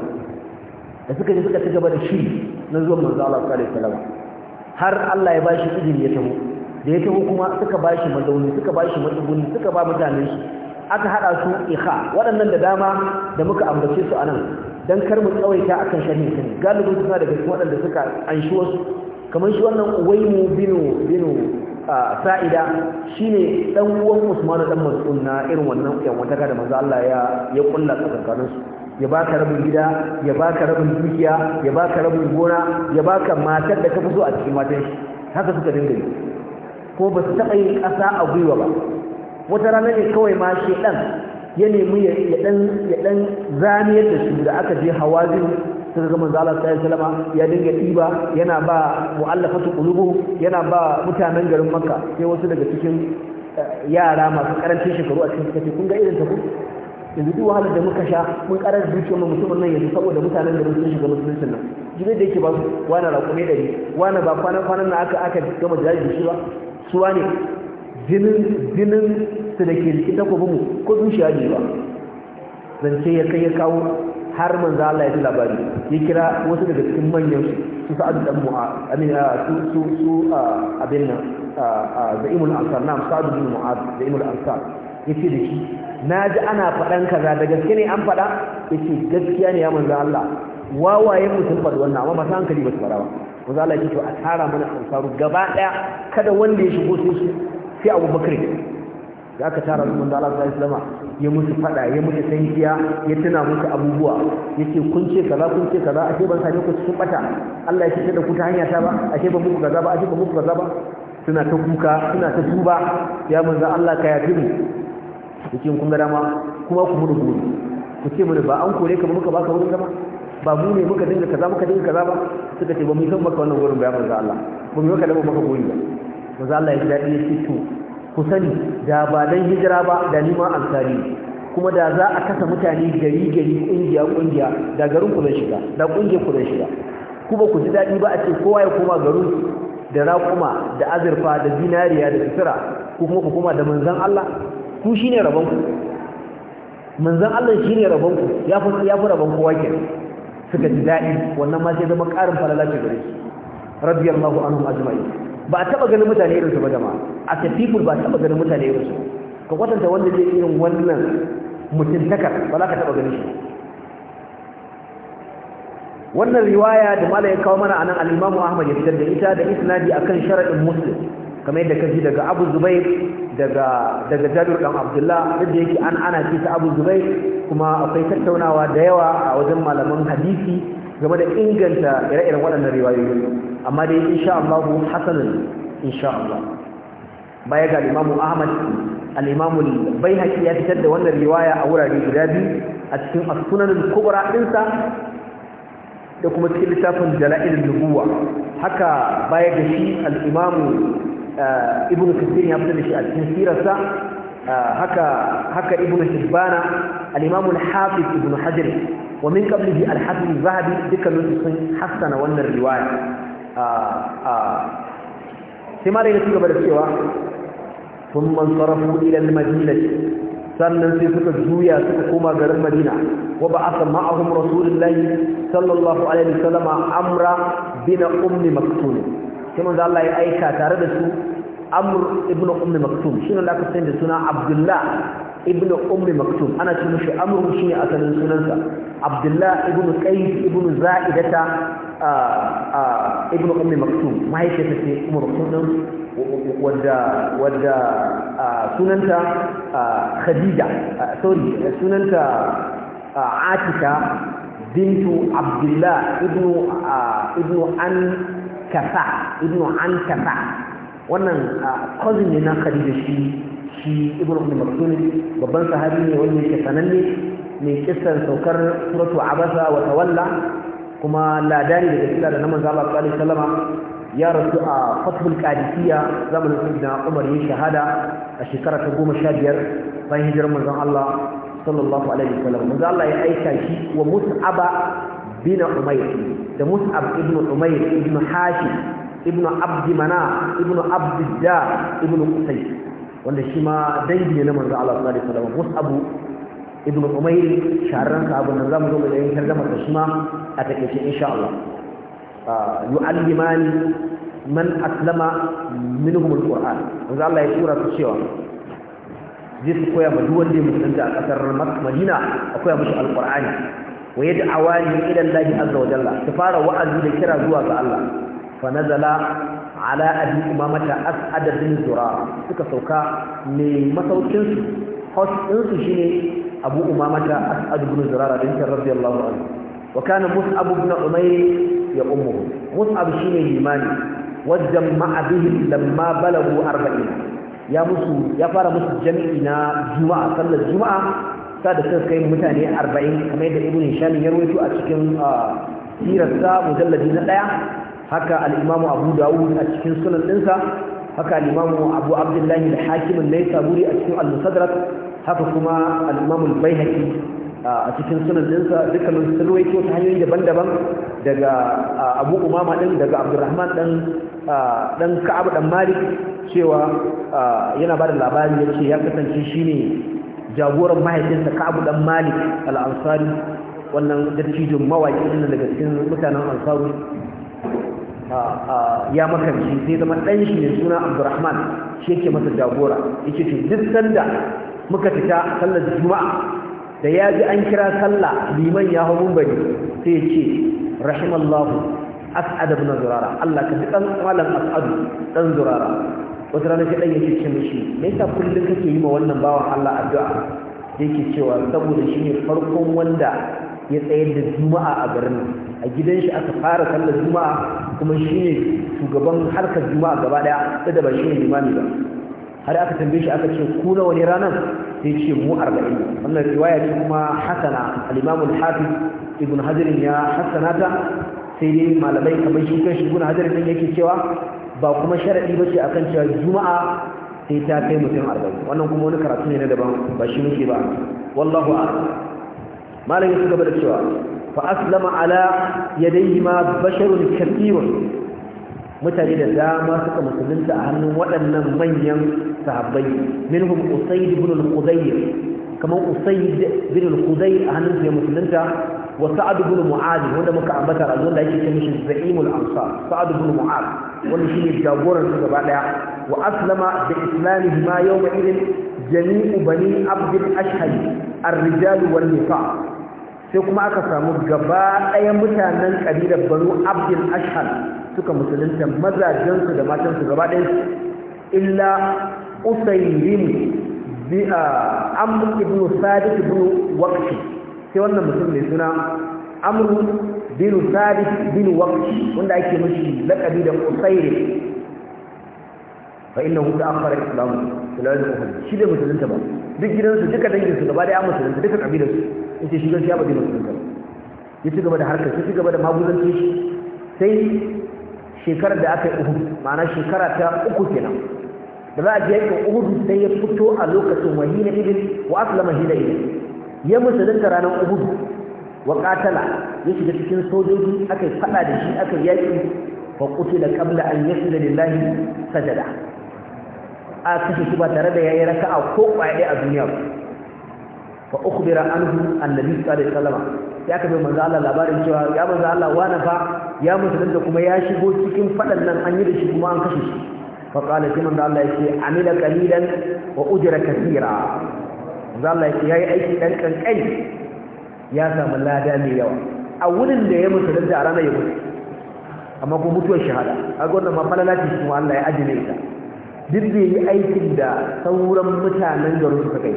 da suka yi suka ci gaba da shi na zuwan manzo Allah sallallahu alaihi wasallam har Allah ya bashi izini ya taho da ya taho kuma suka bashi mazauni suka bashi matsuguni suka ba mutanen shi aka hada su ikha waɗannan da dama da muka ambace su anan dan kar mu tsawaita akan sharhin sun galibin suna daga cikin waɗanda suka anshi wasu kamar shi wannan uwaimu binu binu sa'ida shine dan uwan Usman dan Mas'ud na irin wannan yan wata da manzo Allah ya ya kulla tsakaninsu ya baka rabin gida ya baka rabin dukiya ya baka rabin gona ya baka matar da ka fi so a cikin matan shi haka suka dinga yi ko ba su taɓa yin ƙasa a gwiwa ba wata rana ne kawai ma shedan ya nemi ya dan ya dan zaniyar da su da aka je hawazin suka ga manzo Allah sallallahu alaihi ya dinga ɗiba yana ba mu'allafatu qulubu yana ba mutanen garin Makka sai wasu daga cikin eh, yara masu karancin shekaru a cikin kace kun ga irin ta ku yanzu duk wahalar da muka sha mun karar zuciya mu mutumin nan yanzu saboda mutanen da sun shiga musulunci nan jibe da yake ba su wani raƙume da ni wani ba kwanan kwanan na aka aka gama da shi ba su wane jinin jinin su da ke jikin takobin mu ko zuciya ne ba zance ya kai ya kawo har manzo Allah ya ji labari ya kira wasu daga cikin manyan su sa'ad dan mu'a amin uh, su su su uh, abin nan uh, za'imul ansar na sa'ad bin mu'ad za'imul ansar yace da shi naji ana faɗan kaza da gaske ne an faɗa yace gaskiya ne ya manzo Allah wawaye mu sun faɗi wannan amma masu hankali ba su faɗa ba manzo Allah yace to a tara mana ansaru gaba daya kada wanda ya shigo sai sai Abu Bakar da aka tara su manzo Allah sai alaihi ya musu faɗa ya musu tankiya ya tuna musu abubuwa yace kun ce kaza kun ce kaza ashe ban sani ku su bata Allah ya ce da ku ta hanya ta ba ashe ba muku kaza ba ashe ba muku kaza ba suna ta kuka suna ta tuba ya manzo Allah ka yafi mu cikin kun ga dama kuma ku mudu guri ku ce mana ba an kore ka ba muka baka wurin zama ba mu ne muka dinga kaza muka dinga kaza ba suka ce ba mu san maka wannan gurin ba ya manzo Allah ba mu maka da maka gori ba manzo Allah ya dadi ya ce to ku sani da ba dan hijira ba da ni ma ansari kuma da za a kasa mutane gari gari kungiya kungiya da garin ku zai shiga da kungiyar ku zai shiga ku ba ku ji dadi ba a ce kowa ya koma garin da raƙuma da azurfa da zinariya da sutura ko kuma ku koma da manzon Allah ku ne rabon ku manzan Allah ne rabon ku ya fi ya fi rabon kowa ke suka ji daɗi. wannan ma sai zama karin falala ce gare su radiyallahu anhum ajma'in ba a taɓa ganin mutane irin su ba jama'a a ta people ba taɓa ganin mutane irin su ka kwatanta wanda zai irin wannan mutuntaka ba za ka taba ganin shi wannan riwaya da malai kawo mana anan al-Imam Ahmad ya fitar da ita da isnadi akan sharadin Muslim kamar yadda kaji daga abu zubair daga daga jabir dan abdullah yadda yake an ana ce ta abu zubai kuma akwai tattaunawa da yawa a wajen malaman hadisi game da inganta ire-iren waɗannan riwayoyi amma dai insha Allah hasanun insha Allah baya ga Imam Ahmad al-Imam al ya fitar da wannan riwaya a wurare guda biyu a cikin as-Sunan al-Kubra dinsa da kuma cikin littafin Jala'il nubuwa haka baya ga shi al ibn kasir ya fitar da shi a cikin sirarsa haka haka ibn hibbana al-imam al-hafiz ibn hajar wa min qablihi al-hafiz zahabi dukkan su sun hassana wannan riwaya sai malai ya ci gaba da cewa ثم انصرفوا إلى المدينة sannan sai suka juya suka koma garin Madina wa ba'atha ma'ahum rasulullahi sallallahu alaihi wasallam amra bin ummi maktum sai manzo Allah ya aika tare da su Amr ibn Umm Maktum shine da aka sani da suna Abdullah ibn Umm Maktum ana ce mishi Amr shine asalin sunansa Abdullah ibn Qais ibn Za'idata ibn Umm Maktum mahaifiyarsa ce Umm Maktum wadda wadda sunanta Khadija sorry sunanta Atika bintu Abdullah ibn ibn kasa ibnu an kafa. wannan cousin ne na khadija shi shi ibnu ibn maktum babban sahabi ne wanda yake sananne mai kissar saukar suratu abasa wa tawalla kuma ladani daga kila da na manzo Allah sallallahu alaihi ya rasu a fathul qadisiyya zamanin sayyidina Umar ya shahada a shekara ta 15 bayan hijirar manzon Allah sallallahu alaihi wasallam manzo Allah ya aika shi wa mus'aba Bina umayr da mus'ab ibn umayr ibn Hashi, ibn abd mana ibn abd dar ibn qusay wanda shi ma dangi ne na manzo Allah sallallahu alaihi wasallam mus'ab ibn umayr sharan ka abun nan zamu zo mu yi tarjuma ta shi ma a take shi insha Allah ah, yu'allimani man aslama minhum alquran manzo Allah ya tura su cewa zai koya ma duwan wanda ya a kasar Madina a koya mishi alqur'ani wa yad'awani ila Allah azza wa jalla su fara wa'azi da kira zuwa ga Allah fa nazala ala abi umamata as'ad bin zura suka sauka ne masaukin su host din su shine abu umamata as'ad bin zura bin radiyallahu anhu wa kana mus'ab ibn umayr ya ummuhu mus'ab shine limani wajen ma'abihin lamma balagu arba'in ya fara musu jami'i na juma'a sallar juma'a sa da suka kai mutane arba'in kamar yadda ibn hisham ya rawaito a cikin sirarsa mujalladi na ɗaya haka al-imamu abu dawud a cikin sunan ɗinsa haka al-imamu abu abdullahi al-hakim an-naisaburi a cikin al-musaddarat haka kuma al-imamu al-baihaqi a cikin sunan dinsa dukkanin sun ruwaito ta hanyoyi daban-daban daga abu umama din daga abdurrahman dan dan ka'ab dan malik cewa yana ba da labari ya ce ya kasance shine jagoran mahaifinsa Ka'ab dan Malik al-Ansari wannan dattijin mawaki din daga cikin mutanen Ansari ya makanci sai zama ɗan shi ne suna Abdurrahman shi yake masa jagora yake duk sanda muka fita sallar Juma'a da ya ji an kira sallah liman ya hau bari sai ya ce rahimallahu as'ad ibn zurara Allah ka fi ɗan malam as'ad ɗan zurara wata rana shi ɗan yake ce mishi me yasa kullum kake yi ma wannan bawan Allah addu'a yake cewa saboda shi ne farkon wanda ya tsayar da juma'a a garin a gidan shi aka fara sallar juma'a kuma shi ne shugaban harkar juma'a gaba ɗaya da da ba shi ne limami ba har aka tambaye shi aka ce ku nawa ne ranar sai ce mu arba'in. wannan riwaya ce kuma hasana al-imamu al-hafiz ibn hajar ya hasanata sai dai malamai kamar shi kan shigun hajar din yake cewa ba kuma sharaɗi ce a akan cewa juma'a sai ta kai mutum arba'in wannan kuma wani karatu ne na daban ba shi muke ba wallahu a'lam malam ya gaba da cewa fa aslama ala ya ma basharun kathirun mutane da dama suka musulunta a hannun waɗannan manyan sahabbai minhum usayd ibn al-qudayr kamar usayd ibn al-qudayr a hannun sa musulunta wa sa'ad ibn mu'adh wanda muka ambata a da yake cewa shi za'imul ansar sa'ad ibn mu'adh wanda shine jagoran su gaba daya wa aslama da islamihi ma yawma idin jami'u bani abd al-ashhad ar-rijal wal nisa sai kuma aka samu gaba ɗayan mutanen kabilar banu abd al-ashhad suka musulunta mazajen su da matan su gaba ɗayan illa usayrin bi ah, amr ibn sadiq ibn waqti sai wannan mutum mai suna amru Binu sabit Binu waqti wanda ake mashi laqabi da qusayr fa innahu ta'akhkhara islamu sallallahu alaihi shi da musulunta ba duk gidan su, duka dangin su gaba da ya musulunta duka kabilar su yace shi gaskiya ba zai musulunta ya ci gaba da harkar shi ci gaba da maguzanci shi sai shekarar da aka yi uhud ma'ana shekara ta uku kenan da za a je yakin uhud sai ya fito a lokacin wahina ibn wa aslama hina ibn ya musulunta ranar Uhud wa qatala ya shiga cikin sojoji aka yi fada da shi aka yi yaƙi, wa fa da qabla an yasila lillahi sajada a kashe shi ba tare da yayi raka'a ko kwaye a duniya fa ukhbira anhu annabi sallallahu alaihi wasallam ya kabe manzo Allah labarin cewa ya manzo Allah wani fa ya musulunta kuma ya shigo cikin fadan nan an yi da shi kuma an kashe shi fa qala sai manzo Allah yace amila qalilan wa ujra kathira zalla ya yi aiki ɗan kankai ya samu lada mai yawa a wurin da ya mutu da a ranar ya mutu amma ko mutuwar shahada a gwamnan ma falala ce kuma Allah ya ajiye ita duk da yi aikin da sauran mutanen garin suka kai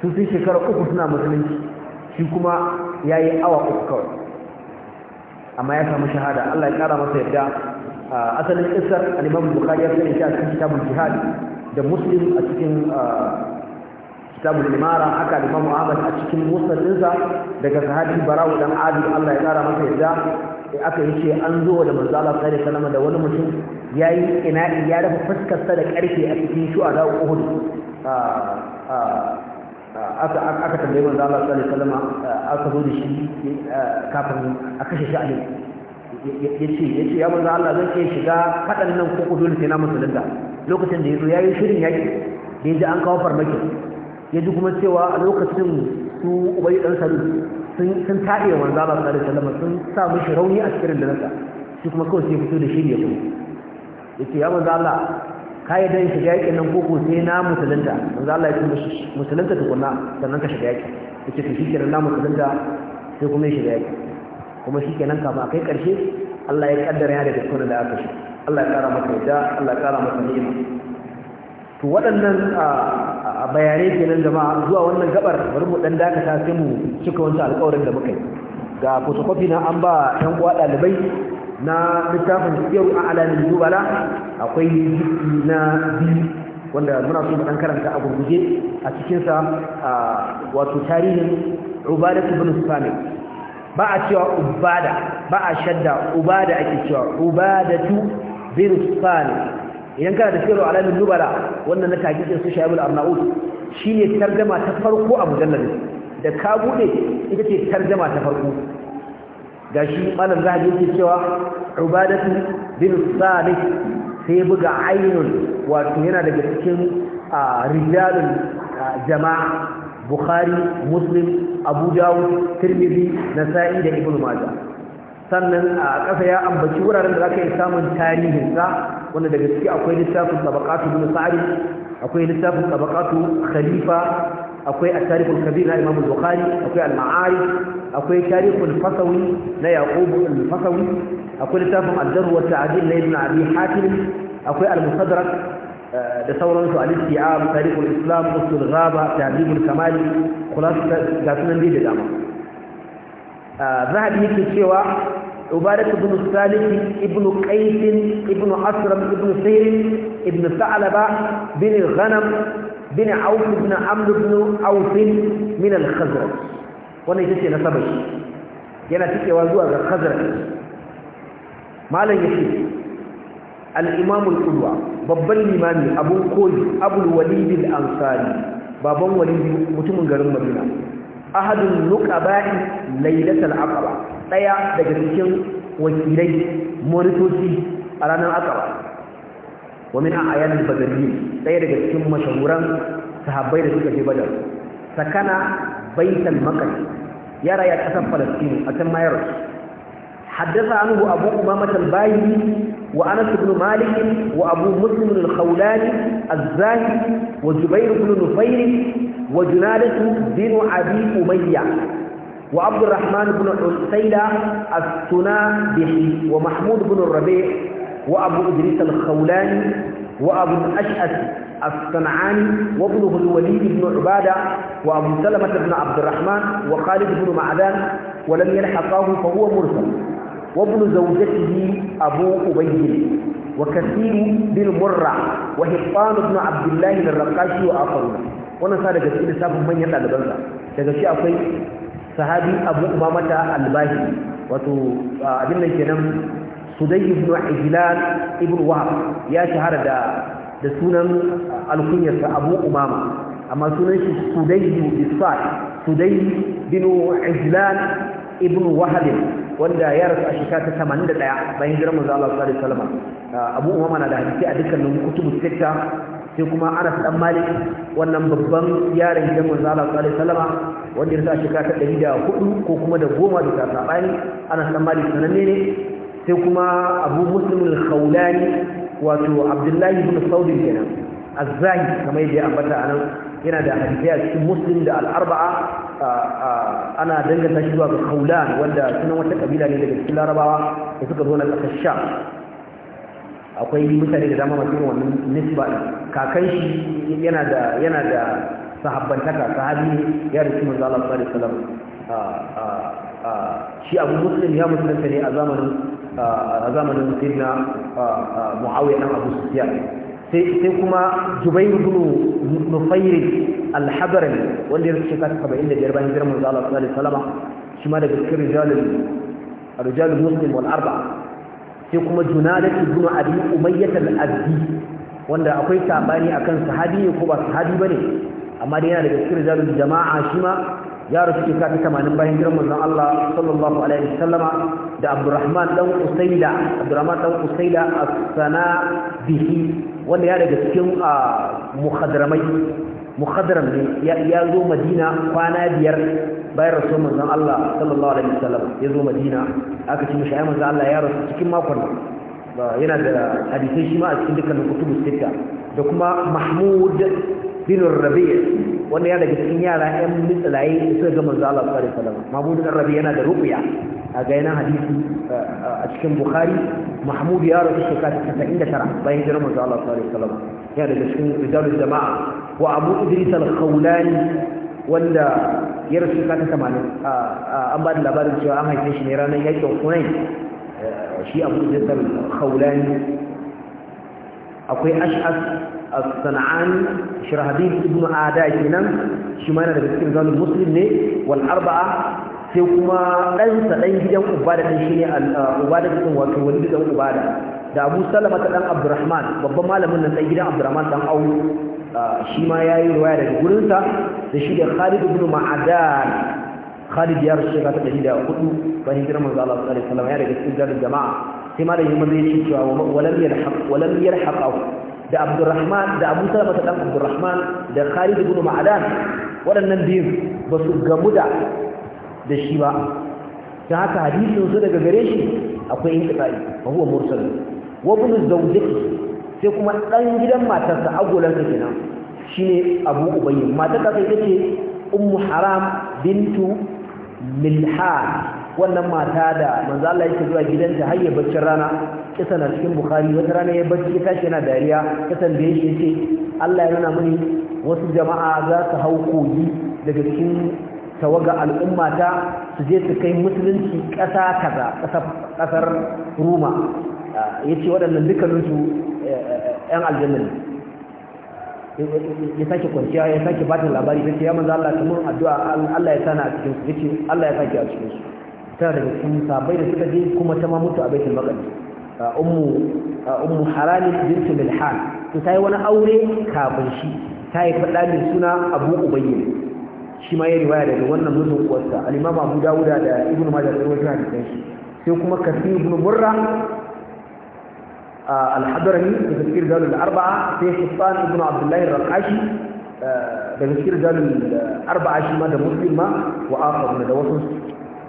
su sun shekara uku suna musulunci shi kuma ya yi awa uku kawai amma ya samu shahada Allah ya kara masa yadda asalin isar al-imam bukhari ya fi shi a cikin kitabul jihad da muslim a cikin kitabul imara aka da Imam a cikin musnadinsa daga sahabi Bara'u dan Abi Allah ya kara masa yadda aka yi ce an zo da manzo Allah sallallahu alaihi da wani mutum yayi ina ya rafa fuskar sa da karfe a cikin da Uhud ah, ah, ah, aka aka tambaye manzo Allah sallallahu alaihi wasallam aka zo da shi kafin a kashe shi a yace yace ya manzo Allah zan iya shiga fadan nan ko dole sai na musulunta lokacin da ya yi shirin yaki da ji an kawo farmaki ya ji kuma cewa a lokacin su ubai dan salu sun taɗe wa manzo Allah sallallahu alaihi wasallam sun sa mishi rauni a cikin danasa shi kuma kawai sai fito da shi ne kuma yace ya manzo Allah yi dan shiga yakin nan koko sai na musulunta manzo Allah ya ce mishi musulunta tukunna sannan ka shiga yakin yace to shikenan na musulunta sai kuma ya shiga yakin kuma shikenan kafin a kai karshe Allah ya kaddara ya daga cikin da aka shi Allah ya kara maka yadda Allah ya kara maka ni'ima to waɗannan bayanai nan jama'a zuwa wannan gabar bari mu dan dakata sai mu cika wancan alƙawarin da muka yi ga photocopy na an ba ɗan uwa ɗalibai na littafin yau a alamin zubala akwai jiki na biyu wanda muna so mu dan karanta a gurguje a cikinsa wato tarihin ubada ibn sufani ba a cewa ubada ba a shadda ubada ake cewa ubadatu bin sufani idan kana da shirin alamin nubala wannan na tagisin su shayabul arnaud shine tarjuma ta farko a mujallal da ka bude ita ce tarjuma ta farko gashi malam zahabi yake cewa ubadatu bin salih sai buga ainun wato yana daga cikin rijalul jama'a bukhari muslim abu dawud tirmidhi nasa'i da ibnu majah sannan a ƙasa ya ambaci wuraren da zaka yi samun tarihinsa. wanda daga ciki akwai littafin tabaqatu ibn sa'd akwai littafin tabaqatu khalifa akwai at-tarikh al-kabir na imam al-bukhari akwai al maari akwai tarikh al-fasawi na yaqub al-fasawi akwai littafin ad-dar wa ta'dil na ibn abi hatim akwai al-musaddarak eh, da sauransu al-istiab tarikh al-islam usul ghaba ta'dib al-kamal khulasa ga sunan da dama eh, zahabi yake cewa عبادة بن الثالث ابن قيس ابن أسرم ابن سير ابن ثعلبة بن غنم بن عوف بن عمرو بن عوف من الخزرج wannan ita ce na saba shi yana cikewa zuwa ga khazar malam ya al-imam al babban limami abu koyi abul al-ansari baban walid mutumin garin madina ahadun nuqaba'i laylatul ɗaya daga cikin wakilai morikoci a ranar akawa wamin a yanar bagari ɗaya daga cikin mashahuran sahabbai da suka je badar sakana baitan makar ya raya ƙasar falastinu a can mayar haddasa an hu abu umamatar bayi wa anas ibn malik wa abu muslim al-khawlani az-zahi wa zubair ibn wa junadatu bin abi umayya وعبد الرحمن بن عسيلة به ومحمود بن الربيع وأبو إدريس الخولاني وأبو الأشأس الصنعاني وابنه الوليد بن عبادة وأبو سلمة بن عبد الرحمن وخالد بن معدان ولم يلحقاه فهو مرسل وابن زوجته أبو أبي وكثير بن مرة وهبطان بن عبد الله الرقاشي وآخرون ونسى لك سيدي سابه من يتعلم daga شيء أصيب sahabi abu umamata albahi wato abin da kenan sudai ibn ijlan ibn wahab ya shahara da da sunan alkunyarsa abu umama amma sunan shi sudai bisfar sudai bin ijlan ibn wahab wanda ya rasu a shekara ta 81 bayan girman Allah sallallahu alaihi wasallam abu umama na da hadisi a dukkanin kutubus sitta sai kuma Anas dan Malik wannan babban yaron gidan manzo Allah sallallahu alaihi wasallama wanda ya sa shekara da 104 ko kuma da goma da ta sabani Anas dan Malik sananne ne sai kuma Abu Muslim al-Khawlani wato Abdullahi ibn Saud kenan az-Zahid kamar yadda ambata anan yana da hadisiya a cikin Muslim da al-Arba'a ana danganta shi zuwa ga Khawlan wanda sunan wata kabila ne daga cikin Larabawa da suka zo na kasar Sham akwai mutane da dama masu wannan nisba kakan shi yana da yana da sahabbantaka sahabi ne ya rasu manzo Allah sallallahu alaihi wasallam shi abu muslim ya musulunta ne a zamanin a zamanin sirna muawiya dan abu sufyan sai kuma jubairu bin nufayr al-hadrami wanda ya rasu shekara 75 bayan hijirar manzo Allah sallallahu alaihi wasallam shi ma daga cikin rijalul rijalul muslim wal arba'a sai kuma junadat ibn abi umayyah al-azdi wanda akwai sabani akan sahabi ne ko ba sahabi bane amma dai yana daga cikin rijalul jama'a shi ma ya rasu ke tamanin 80 bayan girman manzon Allah sallallahu alaihi wasallama da Abdurrahman dan Usaida Abdurrahman dan Usaida as-sana bihi wanda ya daga cikin ah, mukhadramai mukhadram ne ya zo Madina kwana biyar bayan rasu manzon Allah sallallahu alaihi wasallam ya zo Madina aka ce mishi ai Allah ya rasu cikin makon yana da hadisai shi ma a cikin dukkanin kutubu sita da kuma Mahmud bin Rabi' wanda ya daga cikin yara ɗan mitsilaye suka ga manzon Allah sallallahu alaihi wasallam Mahmud bin Rabi' yana da ruqya a ga yana hadisi a cikin Bukhari Mahmud ya rasu shekara tara. bayan hijirar manzon Allah sallallahu alaihi wasallam yana daga cikin rijalul jama'a wa Abu Idris al-Khawlani wanda ya rasu ka ta tamanin an ba da labarin cewa an haife shi ne ranar yakin hunain shi abu jisar haulani akwai ash'as as-sana'ani shirahadin ibn ada kenan shi ma yana daga cikin zalim muslim ne wal arba'a sai kuma ɗansa ɗan gidan Uba da shi ne ubada cikin wato wani gidan ubada da abu salama ta ɗan abdurrahman babban malamin nan ɗan gidan abdurrahman ɗan awu shi ma ya yi ruwaya daga gurinsa da shi da khalid ibn ma'adan khalid ya rasu shekara ta ɗari da hudu bayan hijirar manzo Allah sallallahu alaihi wasallam ya daga cikin jarin jama'a sai ma da yi maza yake cewa walam yarhaq walam yarhaqahu da Abdurrahman da Abu Salama ta dan Abdurrahman da Khalid ibn Ma'adan waɗannan biyu ba su gamu da da shi ba ta haka hadisin su daga gare shi akwai inqita'i fa huwa mursal wa ibn zawjati sai kuma ɗan gidan matarsa agolarsa kenan shine abu ubayy Mata ta ce umu haram bintu Milha, wannan mata da manzo Allah yake zuwa gidanta har ya bacci rana kisa na cikin bukhari wata rana ya bacci ta yana dariya ta tambaye shi yace Allah ya nuna mini wasu jama'a za su hau kogi daga cikin tawaga al'ummata su je su kai musulunci kasa kaza kasar ruma yace waɗannan dukkaninsu yan aljanna ya sake kwanciya ya sake bata labari ta ce ya manzo Allah addu'a Allah ya sana a cikin su yace Allah ya sake a cikin su daga cikin sabai da suka je kuma ta ma mutu a baitul maqdis ummu ummu harani bint milhan to tayi wani aure kafin shi tayi fada min suna abu ubayyin shi ma ya riwaya daga wannan mutum kuwarsa al-imam abu dawuda da ibnu majah da rawi shi sai kuma kasir ibn burra الحضرمي في تفسير رجال الأربعة في حصان ابن عبد الله الرقاشي في تفسير رجال الأربعة شما ده مسلمة وآخر من ده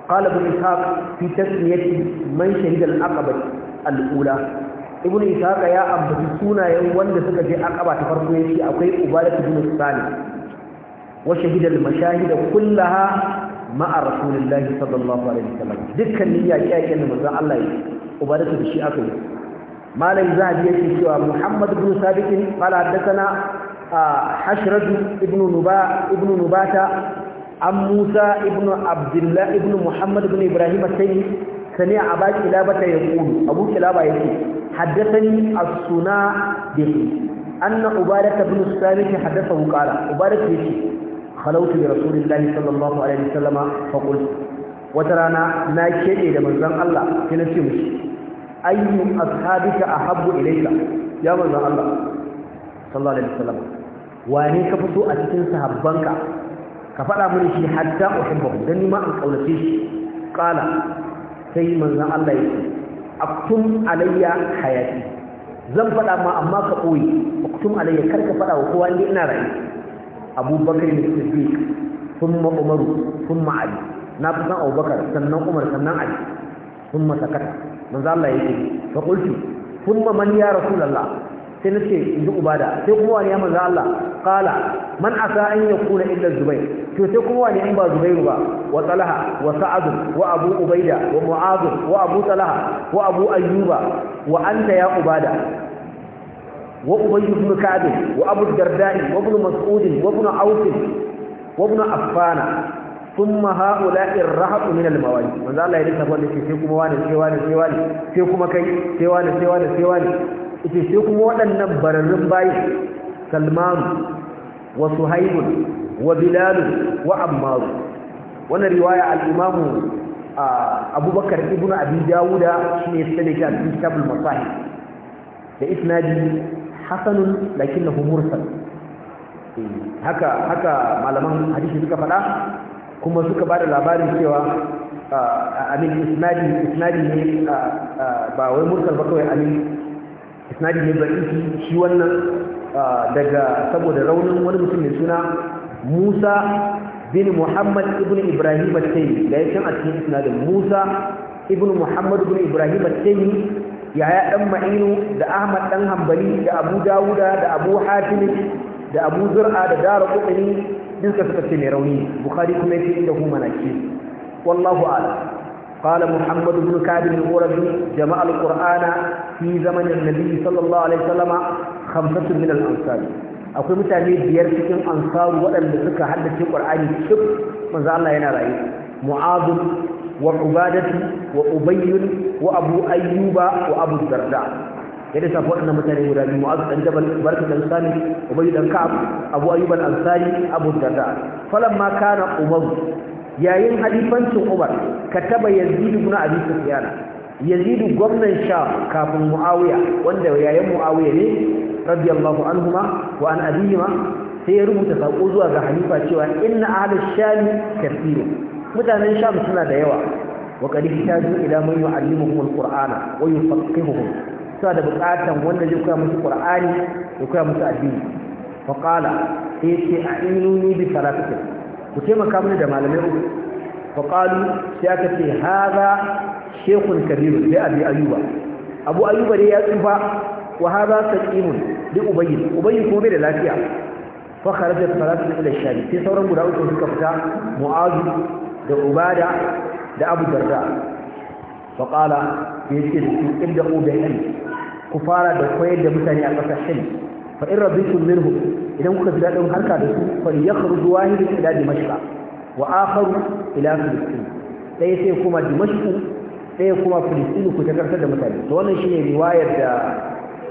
قال ابن إسحاق في تسمية من شهد العقبة الأولى ابن إسحاق يا أبو سونا يوم وند سكجي عقبة تفرقوا يشي أقوي أبالة بن الثاني وشهد المشاهد كلها مع رسول الله صلى الله عليه وسلم ذكر لي يا شيخ أن الله أبالة بشيء أقوي malam zahabi yake cewa muhammad ibn sabiqin qala haddathana hashraj ibn nuba ibn nubata an musa ibn abdullah ibn muhammad ibn ibrahim at-taymi sami aba kilabata yaqulu abu kilaba yake haddathani as-suna bi anna ubadah ibn sabiq haddathahu qala ubadah yake khalawtu bi rasulillahi sallallahu alaihi wasallam fa qultu watarana na kede da manzon Allah sai ce ayyu ashabika ahabbu ilayka ya manzo Allah sallallahu alaihi wasallam wani ka fito a cikin sahabbanka ka faɗa mini shi hatta uhibbu dan ni ma an kaulace shi qala sai manzo Allah yake aktum alayya hayati zan faɗa ma amma ka koyi aktum alayya kar ka faɗa wa kowa ni ina rayu abubakar ne siddiq thumma umaru thumma ali na fi san abubakar sannan umar sannan ali thumma sakata manzo Allah yake fa qultu thumma man ya rasulullah sai nace inji ubada sai kuma wani ya manzo Allah qala man asa an yakuna illa zubair to sai kuma wani in ba zubair ba wa talaha wa sa'ad wa abu ubaida wa mu'adh wa abu talaha wa abu ayyuba wa anta ya ubada Abu بن wa وأبو الدرداء wa مسعود وابن wa وابن عفان ثم هؤلاء الرهق من الموالي من ذا الله يدفع فوالي sai kuma wani sai wani sai wani sai kuma kai sai wani sai wani sai wani ita sai kuma waɗannan bararrun bayi Salmanu, wa Suhaib wa Bilalu, wa Ammaru. wannan riwaya al'imamu imam Abubakar ibn Abi Dawuda shine ya tsale shi a cikin kitabul Masahih da isnadi hasanun lakinnahu mursal eh, haka haka malaman hadisi suka faɗa kuma suka ba da labarin cewa amin isnadi isnadi ne ba wai mursal ba kawai amin isnadi ne ba iki shi wannan daga saboda raunin wani mutum mai suna Musa bin Muhammad ibn Ibrahim al-Taymi da yake a cikin isnadin Musa ibn Muhammad ibn Ibrahim al-Taymi yaya dan Ma'inu da Ahmad dan Hanbali da Abu Dawuda da Abu Hatim da Abu Zur'a da Darqutni ka suka ce mai rauni bukhari kuma yake inda hu manaki wallahu a'lam قال محمد بن كعب الغربي جمع القرآن في زمن النبي Sallallahu alaihi عليه وسلم خمسة من الأنصار akwai mutane biyar cikin ansaru waɗanda suka haddace ƙur'ani cif manzo Allah yana raye mu'adh wa ubadatu wa ubayy wa abu ayyuba wa abu darda ya da safa waɗannan mutane guda biyu mu'azu dan jabal barka dan sani ubayy dan ka'ab abu ayyub al ansari abu darda falamma kana umar yayin halifancin umar ka kataba yazid ibn abi sufyan Yazidu gwamnan sha kafin muawiya wanda yayin muawiya ne radiyallahu anhuma wa an abihima sai ya rubuta saƙo zuwa ga halifa cewa inna ahli sham kathir mutanen sham suna da yawa wa qad ihtaju ila man yu'allimuhum alqur'ana wa yufaqihuhum suna da buƙatan wanda zai koya musu qur'ani ya koya musu addini fa qala sai ce a inni bi salatatin ku taimaka mini da malamai uku fa qalu sai aka ce hadha shaykhun kabiru sai abi ayuba abu ayuba dai ya tsufa wa hadha saqimun li ubayy ubayy ko da lafiya fa kharaja salatu ila shari sai sauran guda uku suka fita mu'azu da ubada da abu darda fa qala yace ibda'u bil ilm ku fara da koyar da mutane a kasashen fa in rabitum minhu idan kuka ji daɗin harka da su fa yakhruju wahidun ila dimashqa wa akharu ila filistin sai sai kuma dimashq sai kuma filistin ku takarkar da mutane to wannan shine riwayar da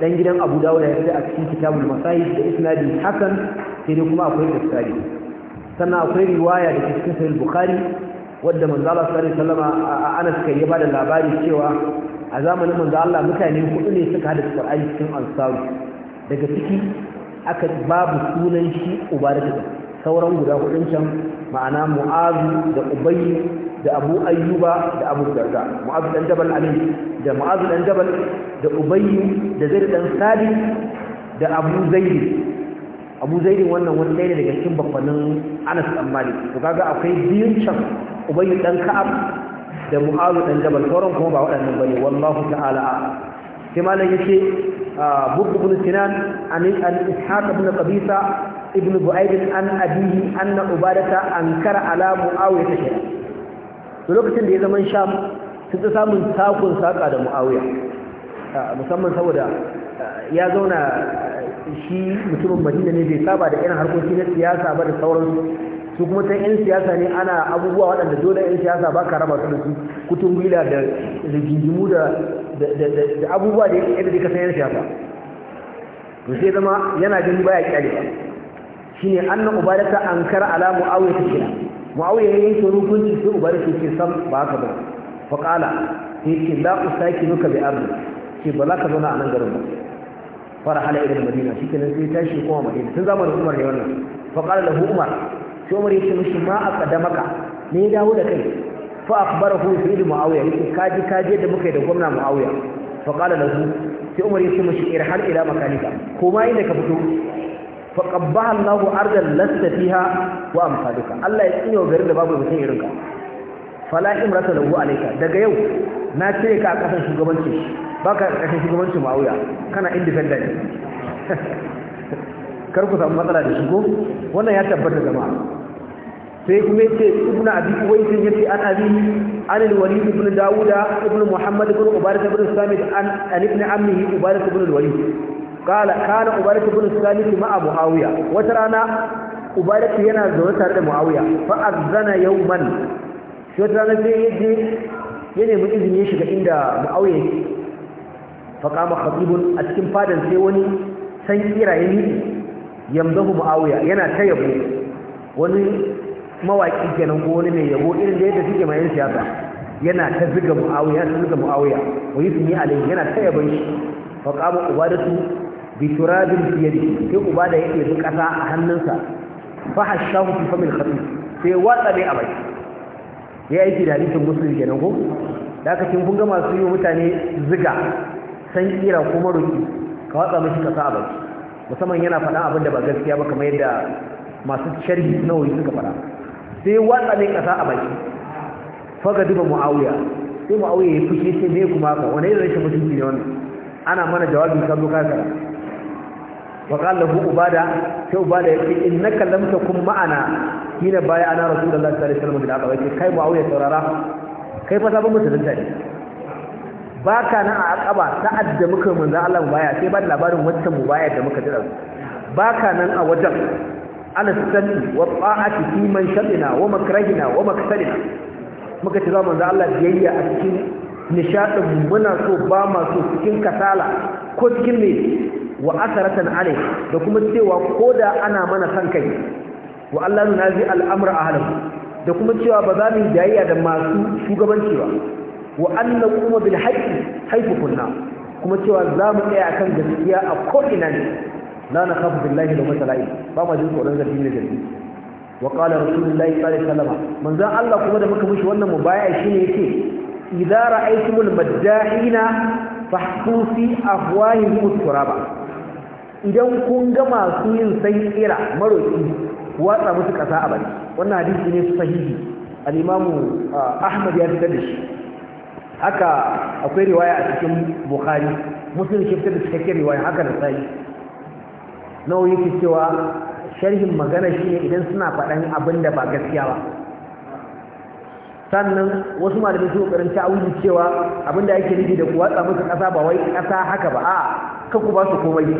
dan gidan Abu Dawud ya yi a cikin kitabul masahih da isnadi hasan sai kuma akwai tsari sannan akwai riwaya da cikin sahih bukhari wadda manzo Allah sallallahu alaihi wasallam Anas kai ya bada labari cewa a zamanin manzo Allah mutane hudu ne suka hada Qur'ani cikin ansaru daga ciki aka babu sunan shi ubaraka sauran guda hudun can ma'ana Mu'azu da Ubayy da Abu Ayyuba da Abu Darda Mu'azu dan Jabal Ali da Mu'azu dan Jabal da Ubayy da Zaid dan Salim da Abu Zaid abu zaidin wannan wani ɗaya daga cikin babbanin anas dan to kaga akwai biyun can ubayyu dan ka'ab da mu'azu dan jabal sauran kuma ba waɗannan bane wallahu ta'ala sai malam yace ah, bukku ibn sinan an an ishaq ibn qabisa ibn bu'ayd an abihi anna ubadata ankara ala muawiya ta to lokacin da ya zaman sham sun ta samun takun saka da muawiya ah, musamman saboda ah, ya zauna shi mutumin madina ne bai saba da irin harkoki na siyasa ba da sauransu su kuma san yan siyasa ne ana abubuwa waɗanda dole yan siyasa ba ka raba su da su kutun gwila da rigingimu da abubuwa da yadda ka san yan siyasa to sai zama yana gani baya kyale ba shine anna ubadata ankara ala muawiya kira muawiya ya yanke hukunci sai ubadata ke san ba haka ba fa qala sai ce la usaki nuka bi ardi ce ba za ka zauna a nan garin ba fara halaye da madina shi kenan sai tashi kuma madina tun zamanin umar ne wannan fa qala lahu umar shi umar yace mishi ma aqadamaka ne ya dawo da kai fa akhbarahu sayyid muawiya yace kaji kaje da muka yi da gwamna muawiya fa qala lahu sai umar yace mishi irhal ila makalika kuma inda ka fito fa qabbaha allahu ardan lasta fiha wa amsalika allah ya tsinyo garin da babu mutum irin ka fala imrata lahu alayka daga yau na cire ka a kasar shugabanci baka kasar shugabanci ma'auya kana independent kar ku samu matsala da shigo wannan ya tabbata jama'a sai kuma yace ibn abi uwaisin yace an abi an alwali ibn dauda ibn muhammad ibn ubarak ibn samit an ibn ammihi ubarak ibn alwali qala kana ubarak ibn samit abu hawiya wata rana ubarak yana zaune tare da muawiya fa azana yawman shi wata ranar sai ya je ya nemi izini ya shiga inda ma'auye faƙama khatibun a cikin fadan sai wani san kiraye ya niɗi yamdahu ma'auya yana ta yabo wani mawaƙi kenan ko wani mai yabo irin da yadda suke mayan siyasa yana ta ziga mu'awiya yana ta ziga mu'awiya wa yusmi alayhi yana ta yaban shi fa qama ubadatu bi turabin fi yadi sai ubada yake bi kasa a hannunsa fa hashahu fi famil khatib sai watsa ne a baki ya aiki da hadisin ke kenan ko da aka kin kun ga masu yi mutane ziga san kira ko maruki ka watsa mashi ka a baki musamman yana faɗa abin da ba gaskiya ba kamar yadda masu sharhi nawawi suka faɗa sai watsa mai kasa a baki faga duba muawiya sai muawiya ya fushi sai me kuma ka wani irin shi mutunci ne wannan ana mana jawabi kan zo ka فقال له عبادة عبادة يقول إنك لم تكن معنا حين بايعنا رسول الله صلى الله عليه وسلم بالعقبة كيف معاوية سرارة كيف تابع مسلمتك baka na a akaba sa'ad da muka manzo Allah baya sai ba labarin wancan mu baya da muka jira baka nan a wajen al-sami wa ta'ati fi shadina wa makrahina wa maksalina muka tira manzo Allah biyayya a cikin nishadin muna so ba ma cikin kasala ko cikin wa asaratan alai da kuma cewa koda ana mana san kai wa Allah nunazi al'amra ahlahu da kuma cewa ba za mu jayayya da masu shugabanci ba wa an naqumu bil haqqi haythu kuma cewa za mu tsaya akan gaskiya a ko ina ne la nakhafu billahi wa masalai ba ma jin tsoron zargi ne zargi wa qala rasulullahi sallallahu alaihi wasallam manzo Allah kuma da muka mishi wannan mubaya shine yake idza ra'aytumul maddahina fahsu fi afwahihim turaba idan kun ga masu yin san kira maroki watsa musu kasa a bari wannan hadisi ne sahihi al-imamu ahmad ya fitar da shi haka akwai riwaya a cikin bukhari muslim shi fitar da cikakken riwaya haka da sai nawa yake cewa sharhin magana shine idan suna faɗan abin da ba gaskiya ba sannan wasu malamai su a ta'awili cewa abinda yake nufi da kuwa tsamu ƙasa kasa ba wai ƙasa haka ba a kanku ba su komai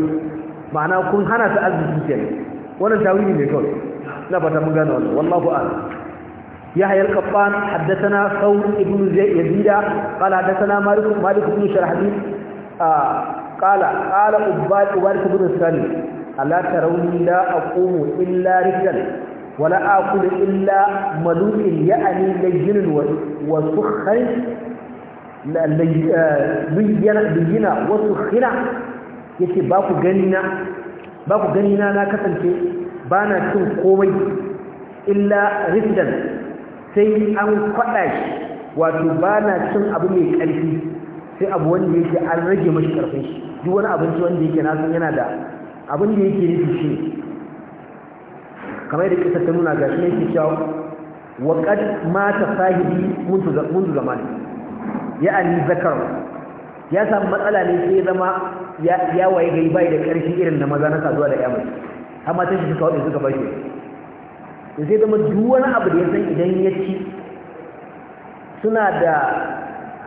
ma'ana kun hana ta arziki kenan wannan tawili ne kawai ina fata mun gane wannan wallahu a'lam يحيى القطان حدثنا ثور بن يزيد قال حدثنا مالك مالك بن شرحبيل آه قال قال عباد عباد بن الثاني الا تروني لا اقوم الا ركلا ولا اكل الا ملوك يعني لين وسخر لين بينا وسخر yake ba ku gani na ba ku gani na na kasance ba na cin komai illa rizdan sai an kwada shi wato ba na cin abu mai karfi sai abu wanda yake an rage mashi ƙarfin shi duk wani abinci wanda yake nasu yana da abin da yake nufi shi kamar da kisa ta nuna gashi ne yake cewa wa qad mata sahibi منذ zamani ya ali zakar ya samu matsala ne sai zama ya waye gari bai da ƙarfi irin na maza na kasuwa da yamma amma ta shi suka wadda suka bashi da sai zama duk wani abu da ya san idan ya ci suna da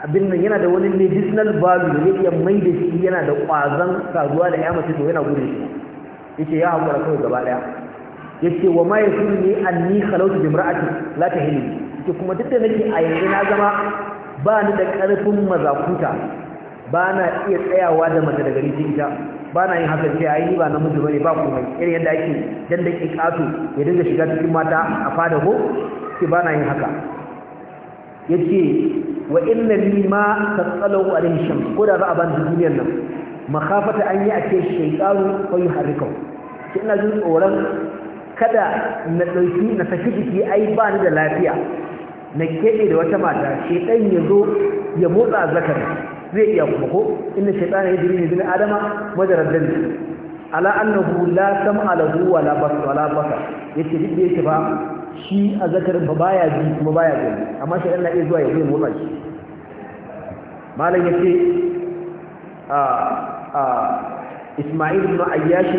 abin nan yana da wani medicinal value da zai iya mai da shi yana da ƙwazon kasuwa da yamma to yana gudun shi Ya ce ya hankula kawai gaba ɗaya Ya ce wa ma ya an ni anni mura'atu za ta la Ya ce kuma duk da nake a yanzu na zama ba ni da ƙarfin mazakuta ba na iya tsayawa da mace da gari ta ita ba na yin hakan sai ai ba namiji bane ba komai irin yadda ake dan da ke ya dinga shiga cikin mata a fada ko sai ba na yin haka yace wa inna li ma tasallu alayhi shams ko da za a ban duniyar nan makhafata an yi ake shaytanu ko shi ina jin tsoron kada na dauki na saki jiki ai ba ni da lafiya na keɓe da wata mata shaidan ya zo ya motsa zakari زي يا أبو بكر إن الشيطان يدري من آدم ما جرى الدنيا على أنه لا سمع له ولا بصر ولا بصر يتفق بيتفاق شيء أذكر مبايا جي مبايا جي أما شيء إلا إزوا يقول والله شيء ما لا يتي آه، آه، إسماعيل بن عياش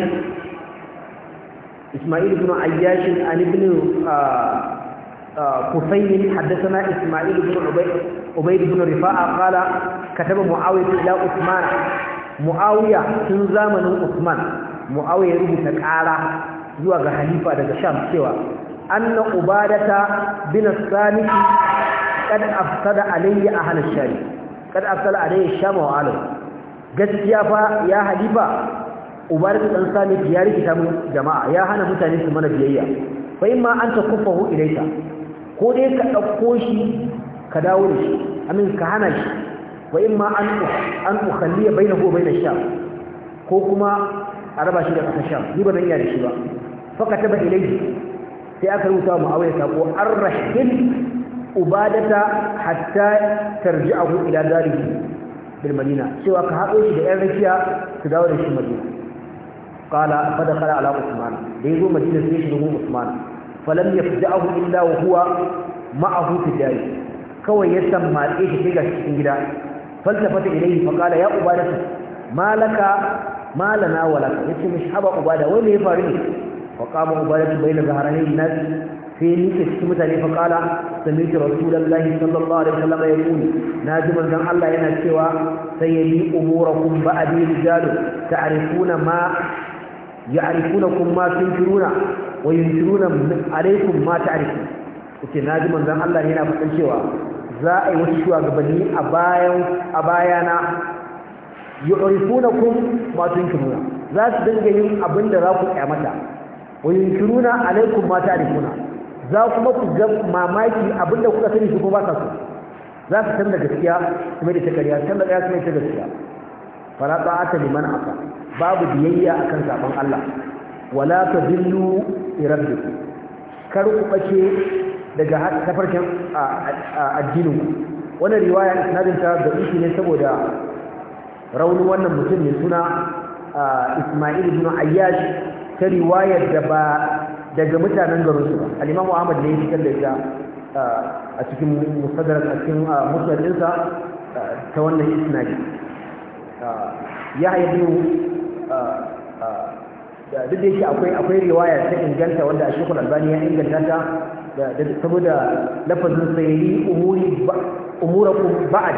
إسماعيل بن عياش عن ابن آه قصيم حدثنا إسماعيل بن عبيد, عبيد بن رفاعة قال كتب معاوية إلى عثمان معاوية تنزامن عثمان معاوية يريد تكعالى يوغى حليفة دقى شام سوى أن عبادة بن الثالث قد أفسد علي أهل الشام قد أفسد علي الشام وعالم gaskiya fa ya halifa ubar dan sami ya rikita mu jama'a ya hana mutane su mana biyayya fa imma anta kufahu ilaika ko dai ka ɗauko shi ka dawo da shi amin ka hana shi wa in ma an na bainahu bai na sha. ko kuma a raba shi da ƙasar sha. ni ba zan iya da shi ba faka taba ilayhi sai aka rubuta wa ko an arrahil ubadata hatta tarji'ahu ila darihi bil madina cewa ka haɗo shi da ƴan rakiya su dawo da shi madina qala fa dakhala ala usman da yazo madina sai shi rubu usman falam yafja'ahu illa wa huwa ma'ahu tijari kawai ya san sammatse shi shiga cikin gida faltafata ilayhi fa qala ya ubadatu malaka malana walaka yace mishi haba ubada wai me ya faru ne fa qama ubadatu bayna zaharani nas sai ni ke cikin mutane fa qala sami'tu rasulullahi sallallahu alaihi wasallam yaqulu naji manzon Allah yana cewa sayyidi umurakum ba'di rijalu ta'rifuna ma ya'rifunakum ma tunfiruna wa yunkiruna alaikum ma ta'rifu kace naji manzon Allah yana fadin cewa za a yi wasu shugabanni a bayan a bayana yu'rifunakum ma tunkiruna za su dinga yin abin da za ku kyamata wa yunkiruna alaikum ma ta'rifuna za kuma ku ga mamaki abin da kuka sani shi ko ba ka so za su san da gaskiya kuma da ta kariya san da ya kuma ta gaskiya fara ta'ata liman aka babu biyayya akan zaben Allah wala ta billu irabbi kar ku bace daga tafarkin addinin wannan riwaya isnadin ta da ishi ne saboda raunin wannan mutum ne suna Ismail ibn Ayyash ta riwayar da ba daga mutanen garin su ba al-Imam Ahmad ne ya fitar da ita a cikin musaddarar a cikin musulunsa ta wannan isnadi ya haibu duk da yake akwai akwai riwaya ta inganta wanda a shekul albani ya inganta ta saboda lafazin sayari umuri ku ba'ad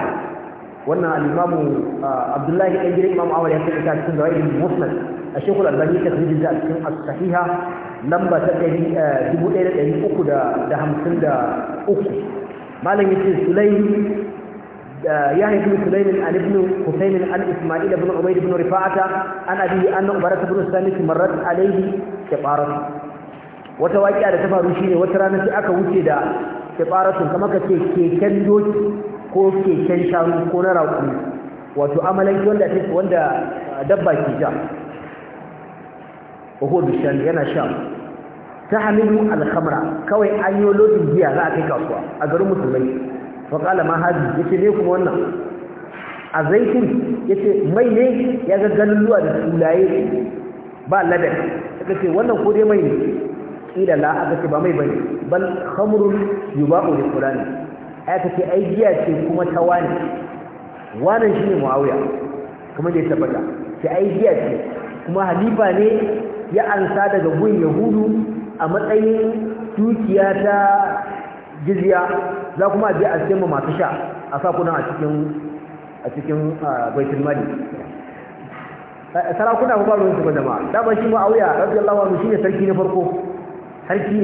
wannan al-imamu ah, abdullahi dan gidan imamu awali ya kai ta cikin zawai musnad a shekul albani ta kai da cikin as-sahiha lamba ta 1353 eh, malam yake sulai يحيى بن سليم عن ابن حسين عن اسماعيل بن عبيد بن رفاعه عن ابي ان عمره بن سالم مرت عليه كبارته wata waƙiya da ta faru shine wata rana sai aka wuce da kifaratun kama ka ce keken doki ko keken shanu ko na raƙu wato amalan wanda ta wanda dabba ke sha ko hudu shanu yana sha ta hamilu alhamra kawai an yi lodin jiya za a kai kasuwa a garin musulmai faƙala ma haji ya ce ne kuma wannan a zaitun ya ce mai ne ya ga galluwa da sulaye ba ladan aka ce wannan ko dai mai ne ƙila la aka ce ba mai bane bal khamrun yuba'u li fulani aka ce ai giya ce kuma ta wani wannan shine muawiya kuma dai tabbata ce ai giya ce kuma halifa ne ya ansa daga gun yahudu a matsayin dukiya ta jizya za kuma a je a cikin masu sha a sa kuna a cikin a cikin baitul mali sarakuna ba ruwan su ba da ba shi ba auya radiyallahu anhu shine sarki na farko sarki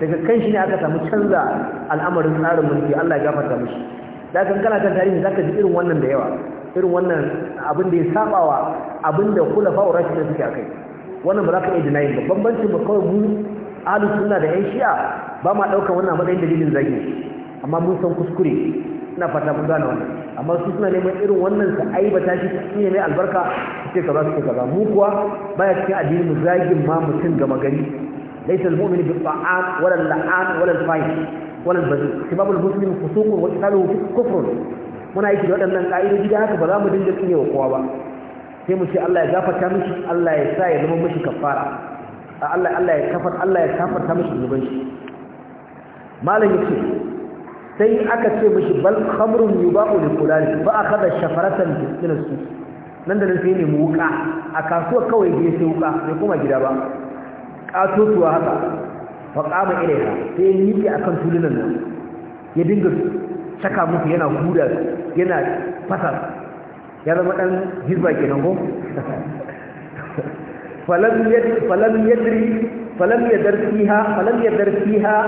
daga kan shi ne aka samu canza al'amarin tsarin mulki Allah ya gafarta mishi da kan kana kan tarihi zaka ji irin wannan da yawa irin wannan abin da ya sabawa abin da kulafa da suke akai wannan ba za ka iya dinayin ba bambancin ba kawai mu Alusunna da yan shi'a ba ma ɗaukar wannan matsayin dalilin zagi amma mun san kuskure ina fata mun gane wannan amma su suna neman irin wannan ba aibata shi su ne mai albarka su ce kaza su ce kaza mu kuwa baya cikin addinin mu zagin ma mutum gama gari laysa al-mu'min bi ta'at wala al-la'an wala al-fahish wala al-badi sibabul muslim fusuqun wa qitaluhu kufr muna yake da waɗannan ka'idoji da haka ba za mu dinga tsinewa kowa ba sai mu ce Allah ya gafarta mishi Allah ya sa ya zama mishi kafara Allah Allah ya kafar Allah ya ta mishi zuban shi malam yace sai aka ce mishi bal khamrun yubahu li fulani fa akhadha shafaratan min as-suq nan da nan sai ne muka a kasuwa kawai da sai muka bai kuma gida ba katotuwa haka fa qama ilaiha sai ya yi akan tulunan nan ya dinga saka musu yana huda yana fasar ya zama dan hizba kenan ko falam yadri falam yadar fiha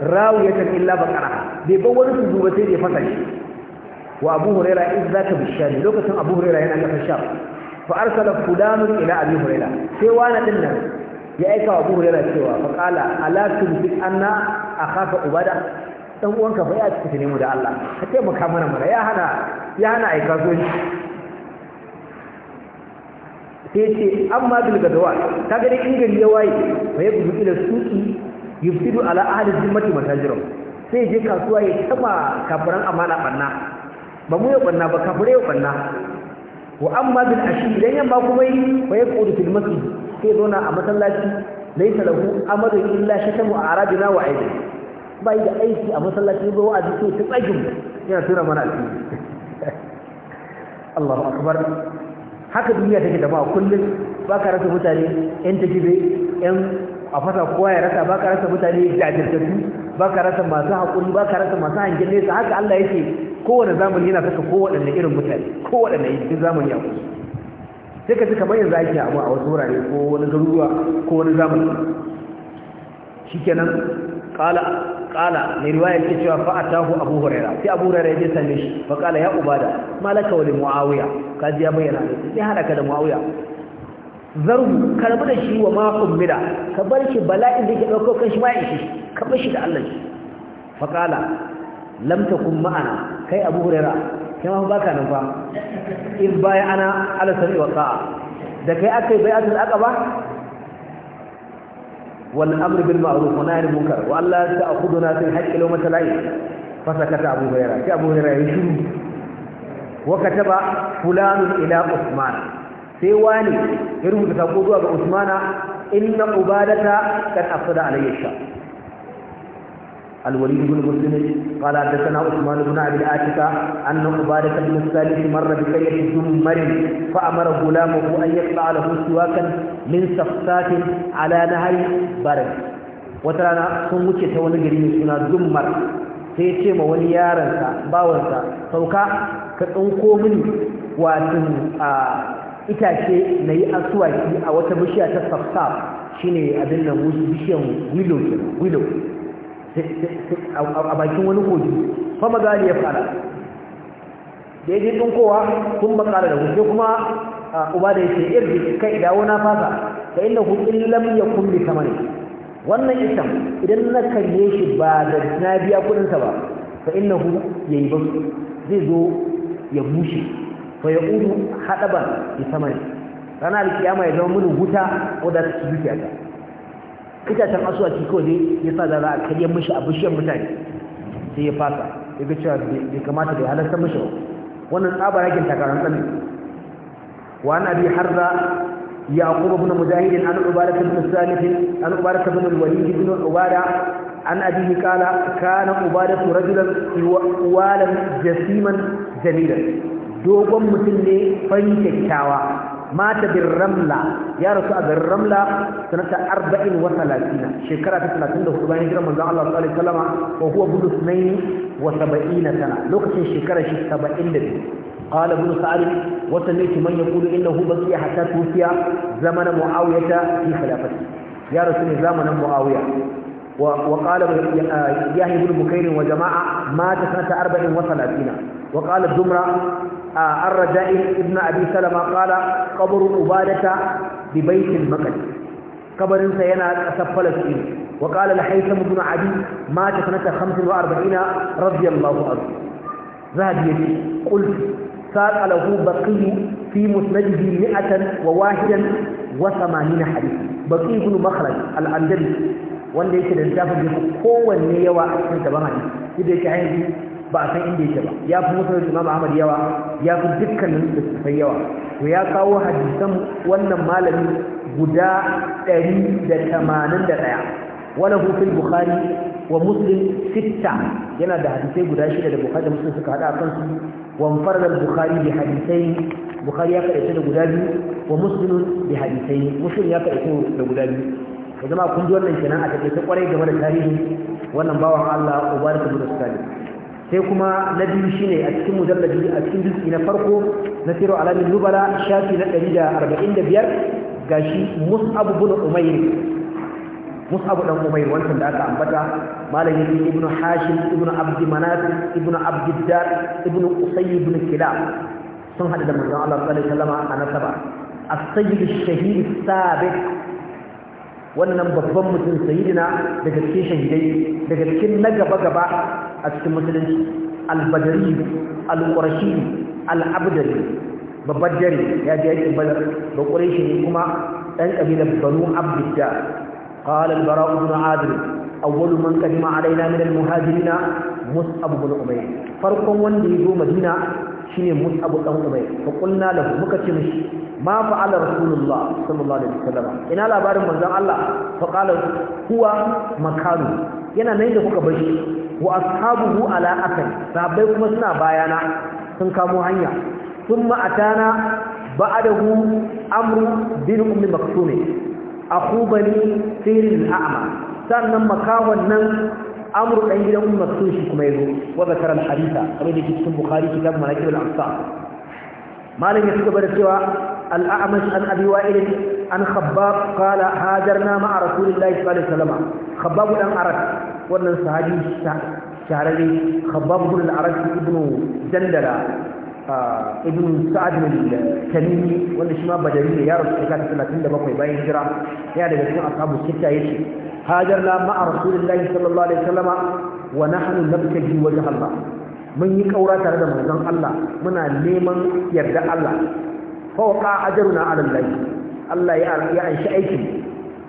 falam illa baqara bai ba wani su zuba sai ya fasa shi wa abu huraira iz zaka bishani lokacin abu huraira yana kafa sha fa arsala fulanu ila abi huraira sai wani din nan ya aika wa abu huraira cewa fa qala ala tumtik anna akhafa ubada dan uwanka fa ya tafi ne mu da Allah ka taimaka mana mara ya hana ya hana sai ce amma bil gadawa ta gari in ya waye fa yabu ila suki yufsidu ala ahli zimmati matajirum sai je kasuwa ya taba kafiran amana banna ba mu ya banna ba kafire ya banna wa amma bil ashi idan yamma kuma yi fa yaqudu fil masjid sai zo na a masallaci laysa lahu amadu illa shatamu arabina wa aidan yi da aiki a masallaci ba wa sai ta tsagin yana tura mana alfi Allahu akbar haka duniya take da ba kullum ba ka rasa mutane yan tajibe yan a fasa kowa ya rasa ba ka rasa mutane jajirtattu ba ka rasa masu haƙuri ba ka rasa masu hangen nesa haka Allah yake kowane zamani yana saka kowaɗanne irin mutane kowaɗanne cikin zamani ya kusa sai ka ci kamar yanzu ake abu a wasu wurare ko wani garuruwa ko wani zamani shikenan qala qala mai riwaya ce cewa fa atahu abu huraira sai abu huraira ya same shi fa qala ya ubada malaka wa muawiya kaji ya bayyana ne sai hada ka da muawiya zarbu karbu da shi wa ma kummida ka bar shi bala'in da ke dauko kan shi ma ishi ka bar shi da Allah shi fa qala lam ma'ana kai abu huraira kai ma baka nan fa in baya ana ala sami wa qa'a da kai akai aka ba? والأمر بالمعروف ونهي عن المنكر وألا تأخذنا في الحج لومة لعين فسكت أبو هريرة أبو هريرة يشوف وكتب فلان إلى عثمان سيواني يرمي تقول أبو عثمان إن عبادة قد أفسد علي الشر الوليد بن مسلم قال حدثنا عثمان بن ابي العاتكة ان عبادة بن الثالث مر بقرية زمر فامر غلامه ان يقطع له سواكا من سفسات على نهر برد وترانا sun wuce ta wani gari mai suna zummar sai ya ce ma wani yaransa bawansa sauka ka tsinko mini watin itace na yi asuwaki a wata bishiya ta safsaf shine abin nan bishiyar willow a bakin wani kogi fa magali ya fara da yake dinkowa kun makara da sai kuma uba da yake irji kai dawo na fasa inda innahu illam kun bi thamani wannan itam idan na kalle shi ba da na biya kudin sa ba fa innahu yayi ba zai zo ya bushe fa ya udu hadaban bi thamani ranar kiyama ya zama mun huta wadda ta dukiya ta itacen ki kawai dai ya sa da za a mushi mishi a bishiyar mutane sai ya fasa ya ga cewa bai kamata da halarta mishi ba wannan tsaba yakin takarar tsami wa har abi ya kuma bin mujahidin an ubaraka bin salih an ubaraka bin walid bin ubara an abi kala kana ubadak rajulan walan jasiman jalilan dogon mutum ne fanke kyakkyawa mata bin ramla ya rasu a garin ramla sanata arba'in wa talatina shekara ta talatin da hudu bayan hijirar manzon Allah sallallahu alaihi wasallam wa huwa nai sunaini wa saba'ina sana lokacin shekara shi saba'in da biyu قال ابن سعد وسمعت من يقول انه بقي حتى توفي زمن ne في mu'awiya يا رسول زمن معاويه وقال wa jama'a mata sanata arba'in سنه 34 وقال الزمرة آه، الرجائي ابن أبي سلمة قال قبر أبادة ببيت المقدس قبر سينا أسفل سئين وقال الحيثم بن عدي مات سنة 45 رضي الله عنه ذهب يدي قلت ساق له بقي في مسنده مئة وواحدا وثمانين حديث بقي بن مخرج الأندلس wanda yake da littafin da kowanne yawa إذا كان ba a san inda yake ba ya fi da imam ahmad yawa ya fi dukkanin littattafai yawa to ya kawo hadisan wannan malami guda ɗaya. wala hufin bukhari wa muslim sitta yana da hadisai guda shida da bukhari da muslim suka haɗa kan su wa bukhari hadisai bukhari ya karanta da guda biyu wa muslim hadisai muslim ya karanta da guda biyu da jama'a kun ji wannan kenan a take ta kwarai game da tarihi wannan bawan Allah ubaraka sai kuma na biyu shine a cikin mujalladi a cikin juz'i na farko na siru alamin nubala shafi na 145 gashi mus'ab ibn umayr mus'ab dan umayr wancan da aka ambata malam yake ibnu hashim ibnu abd manaf ibnu abd dar ibnu usay ibn kilab sun hada da manzon Allah sallallahu alaihi wasallam a nasaba as-sayyid ash-shahid as-sabiq wannan babban mutum sayyidina daga cikin shahidai daga cikin na gaba gaba a cikin musulunci al-badri al-qurashi al babbar dare ya je yakin badar ba quraishi ne kuma dan kabilar banu abdidda qala al-bara ibn adil awwalu man qadima alaina min al-muhajirin mus'ab ibn umayr farkon wanda ya zo madina shine mus'ab dan umayr fa qulna lahu muka ce mishi ma fa'ala rasulullah sallallahu alaihi wasallam ina labarin manzon Allah fa qala huwa makanu yana nan da kuka bar wa ashabuhu ala akan sabai kuma suna bayana sun kamo hanya thumma atana ba'dahu amru bin ummi maktume akhu bani ama sannan makawan nan Amur dan gidan ummu maktun shi kuma yazo wa zakara al-haditha kamar da cikin bukhari kitab manaqib al-afsar malam ya cigaba da cewa al-a'mash an abi wa'il an khabbab qala hajarna ma'a rasulillahi sallallahu alaihi wasallam khabbab dan arak wannan sahabi shahararre khabbab ibn al-arak ibn jandara ibn sa'ad bin tamimi wanda shi ma badari ne ya rasu shekara 37 bayan hijira ya daga cikin ashabu sita yace hajarna ma'a rasulillahi sallallahu alaihi wasallama wa nahnu nabtaji wajh Allah mun yi kaura tare da manzon Allah muna neman yarda Allah fawqa ajruna ala Allah Allah ya ya aishi aiki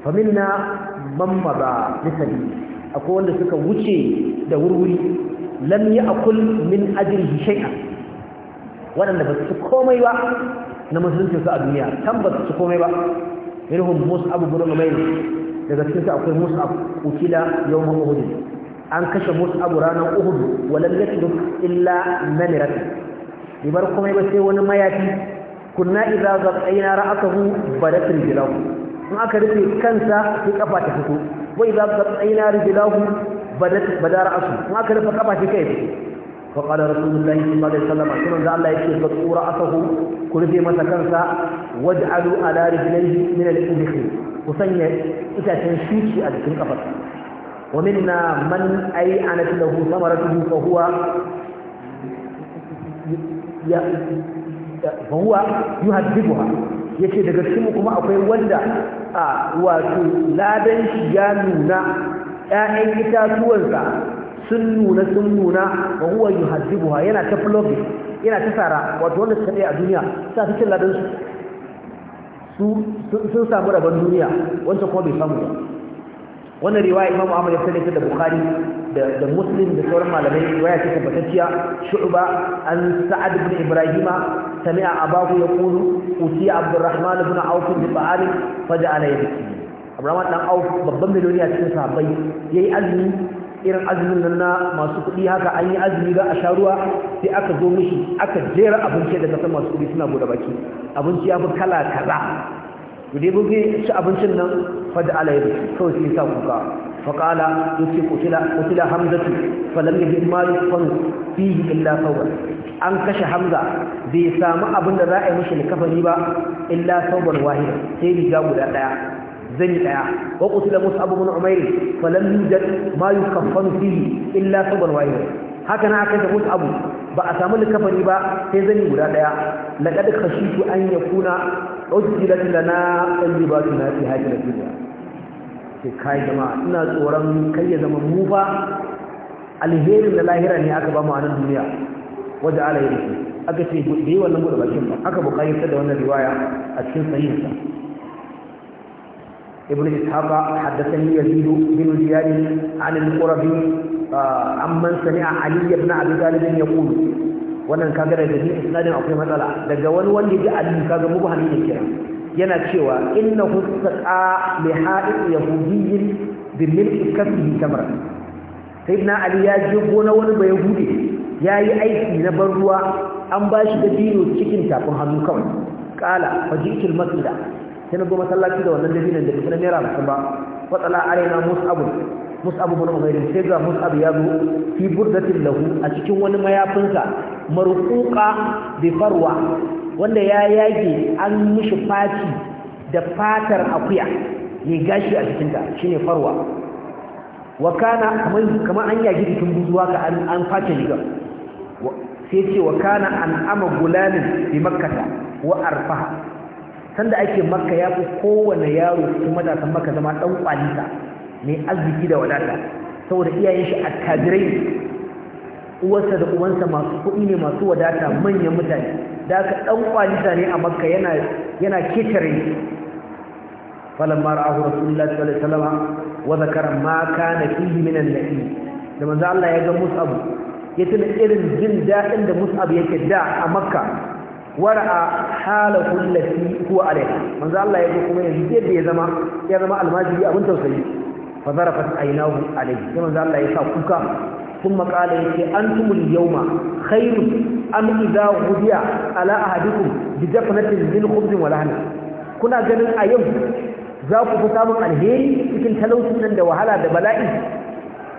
fa minna man mada bisabi akwai wanda suka wuce da wurwuri lam ya'kul min ajrihi shay'an wanda ba su komai ba na musulunci su a duniya kan ba su komai ba minhum mus'ab ibn umayr daga cikin akwai mus'ab ukila yawm uhud an kashe mus'ab ranar uhud walam yakiduk illa namirat ibar kuma ba sai wani mayafi kunna idza zaqayna ra'atahu badat rijlahu in aka rufe kansa sai kafa ta fito wa idza zaqayna rijlahu badat badara asu in aka rufe kafa sai kai فقال رسول الله صلى الله عليه وسلم كما الله يكي فطور أسه كل في مسكنسا واجعلوا على رجليه من الأبخ وسنية إذا تنشيش أدكين قفت ومنا من أي أنت له ثمرته فهو فهو يهذبها yake daga cikin kuma akwai wanda a wato ladan shi ya nuna ƴaƴan itatuwansa sun nuna sun nuna wa huwa yuhadibuha yana ta flogging yana ta tsara wato wanda suka tsaye a duniya sa cikin ladan su sun samu rabon duniya wancan kuma bai samu ba wannan riwaya Imam Ahmad ya sani ta da Bukhari da Muslim da sauran malamai riwaya ce tabbatacciya Shu'ba an Sa'ad ibn Ibrahim sami'a abahu yaqulu uti Abdurrahman ibn Auf bin Ba'al faja'ala yabki Abdurrahman dan Auf babban miliyoniya cikin sahabbai yayi azumi irin azumin nan na masu kuɗi haka an yi azumi za a sha ruwa sai aka zo mishi aka jera abinci da kasan masu kuɗi suna bude baki abinci ya fi kala kaza to dai bugi ci abincin nan fada ala yabi kawai sai sa kuka faƙala ya ce kutila hamzatu falam ya bin malu fan fihi illa sauran an kashe hamza bai samu abin da za a yi mishi likafani ba illa sauran wahida sai riga guda ɗaya zani daya wa qutila mus'ab ibn umair fa lam yujad ma yukaffanu fili illa saban wahid haka na aka da abu ba a samu likafani ba sai zani guda daya laqad khashitu an yakuna ujilat lana tayyibatuna fi hadhihi dunya ke kai jama'a ina tsoron kai ya zama mu fa alherin da lahira ne aka ba mu a nan duniya wanda ala yake aka ce bai wannan gudu bakin ba aka buƙatar da wannan riwaya a cikin sahihinsa ابن إسحاق حدثني يزيد بن زياد عن القربي عمن سمع علي بن أبي طالب يقول wannan kaga daga ni isnadin akwai matsala daga wani wanda ya Ali kaga mu ba ne kira yana cewa inna husaqa li haid yahudiyyin bi milki kafi tamra Ibn ali ya je gona wani bai hude yayi aiki na ban ruwa an bashi da dino cikin tafin hannu kawai qala fajitul masjida sai na zo masallaci da wannan nan da bai na naira hamsin ba watsala arena mus'abu mus'abu bin umair sai ga musabu ya zo fi burdatin lahu a cikin wani mayafinsa marquqa bi farwa wanda ya yage an mishi faci da fatar akuya ne gashi a cikinta shine farwa wa kana kamar an yage jikin buzuwa ka an an face rigar sai ce wa kana an ama gulamin bi makkata wa arfaha sanda ake makka ya fi kowane yaro cikin matasan makka zama ɗan kwalita mai arziki da wadata saboda iyayen shi kadirai uwarsa da uwansa masu kuɗi ne masu wadata manyan mutane da aka ɗan kwalita ne a makka yana yana ketare falamma ra'ahu rasulullahi sallallahu alaihi wa zakara ma na fihi minan da manzo Allah ya ga Mus'ab ya tuna irin jin daɗin da Mus'ab yake da a makka wara'a halahu allati huwa alaiha manzo Allah ya kuma yanzu yadda ya zama ya zama almajiri abin tausayi fa zarafat aynahu alaihi sai manzo Allah ya sa kuka kuma kala yake antumul yawma khairu am idha hudiya ala ahadikum bi dafnatin min khubzin wa lahna kuna ganin a yau za ku fi samun alheri cikin talauci nan da wahala da bala'i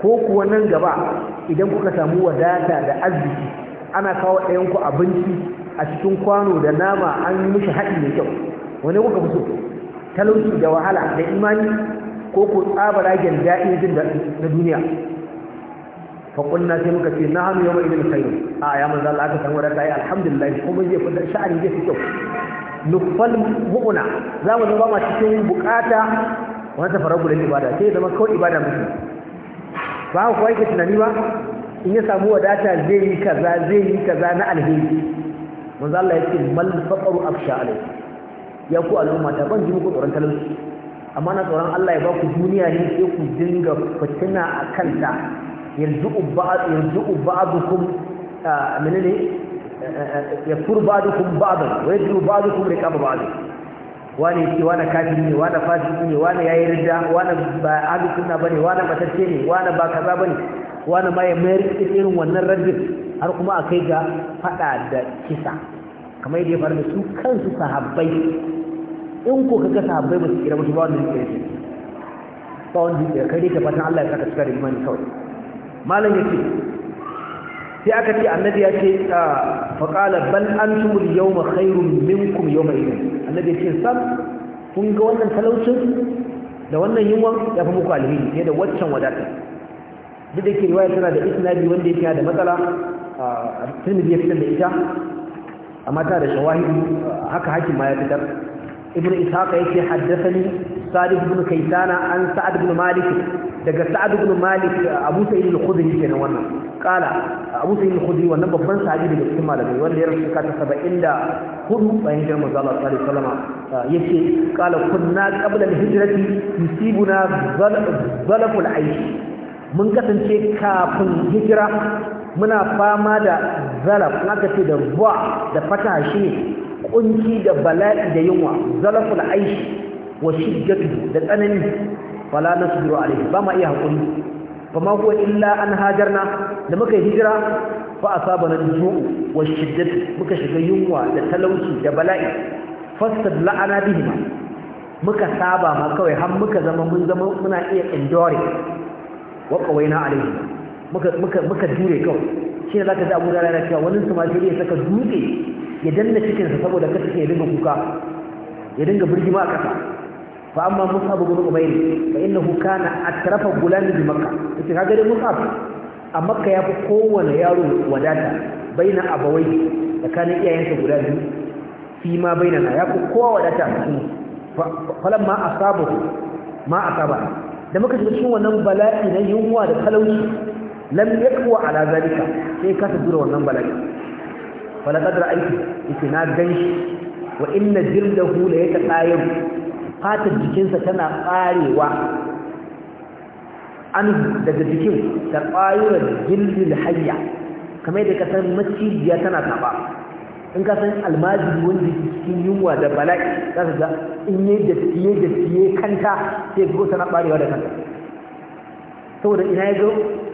ko kuwa nan gaba idan kuka samu wadata da arziki ana kawo ɗayanku abinci a cikin kwano da nama an yi mishi haɗi mai kyau wani kuka fi so talauci da wahala da imani ko ko tsabara gen daɗin jin na duniya faƙunna sai muka ce na hannu yau mai ilil khairu a ya manzo Allah aka san wadata yi alhamdulillah kuma zai fi sha'ani zai fi kyau nufal mu'una za mu zama ma cikin bukata wani safarar gudun ibada sai zama kawai ibada mutum ba ku kuwa yake tunani ba in ya samu wadata zai yi kaza zai yi kaza na alheri manzo Allah ya ce mal faqru afsha alai ya ku al'umma ta ban ji muku tsoron talauci amma na tsoron Allah ya ba ku duniya ne sai ku dinga fitina a kanta yarzu'u ba'd yarzu'u ba'dukum menene yafur ba'dukum ba'dan wa yadru ba'dukum riqab ba'd wani ce wani kafiri ne wani fasiki ne wani yayi ridda wani ba ahli sunna bane wani batacce ne wani ba kaza bane wani ma ya mayar irin wannan raddin har kuma a kai ga fada da kisa kamar yadda ya faru da su kansu sahabbai in ko kaga sahabbai ba su kira musu ba wanda ya kira ba wanda ya kira kai dai ka fatan Allah ya saka cika da imani kawai malam yake sai aka ce annabi ya ce ah, fa qala bal antum al yawma khairum minkum yawma idin annabi ya ce sab kun ga wannan talaucin da wannan yunwan ya fi muku alheri ne da waccan wadatar duk da ke riwaya tana da isnadi wanda yake da matsala tirmidhi ya fitar da ita amma ta da shawahidi haka hakim ma ya fitar ibnu ishaqa yake haddathani salih ibn kaitana an sa'ad ibn malik daga sa'ad ibn malik abu sa'id al-khudri kenan wannan kala abu sa'id al-khudri wannan babban sahabi daga cikin malamai wanda ya rasu kata 74 bayan hijirar manzo Allah sallallahu alaihi wasallam yake kala kunna qabla al-hijrati yusibuna zalaful aish mun kasance kafin hijira muna fama da zalaf aka ce da ba da fata shi ne kunci da bala'i da yunwa zalaful aishi wa shiddatu da tsanani fala nasbiru alaihi ba ma iya hakuri fa ma huwa illa an hajarna da muka hijira fa asabana juu wa shiddatu muka shiga yunwa da talauci da bala'i fastad la'ana bihima muka saba ma kawai har muka zama mun zama muna iya indore wa qawaina alaihi muka jure kawai shi ne za ka ji abu rana cewa wani su mafi iya ya saka dutse ya danna cikinsa saboda kasa ke dinga kuka ya dinga birgima a kasa fa amma mus'ab ibn umayr fa innahu kana atrafa da bi makka yace kaga dai mus'ab a makka ya fi kowane yaro wadata baina abawai tsakanin iyayensa guda biyu fi ma na ya fi kowa wadata falamma asabahu ma asaba da muka shiga cikin wannan bala'i na yunwa da talauci lam yakwa ala zalika sai ka ta dura wannan bala'i wala qadra aiki yake na ganshi wa inna jirdahu la yataqayyab fatar jikinsa tana karewa an daga jikin ta qayura jildil hayya kamar da ka san macijiya tana taba in ka san almajiri wanda cikin yunwa da bala'i za ka ga in yi da da fiye kanta sai go tana barewa da kanta saboda ina ya zo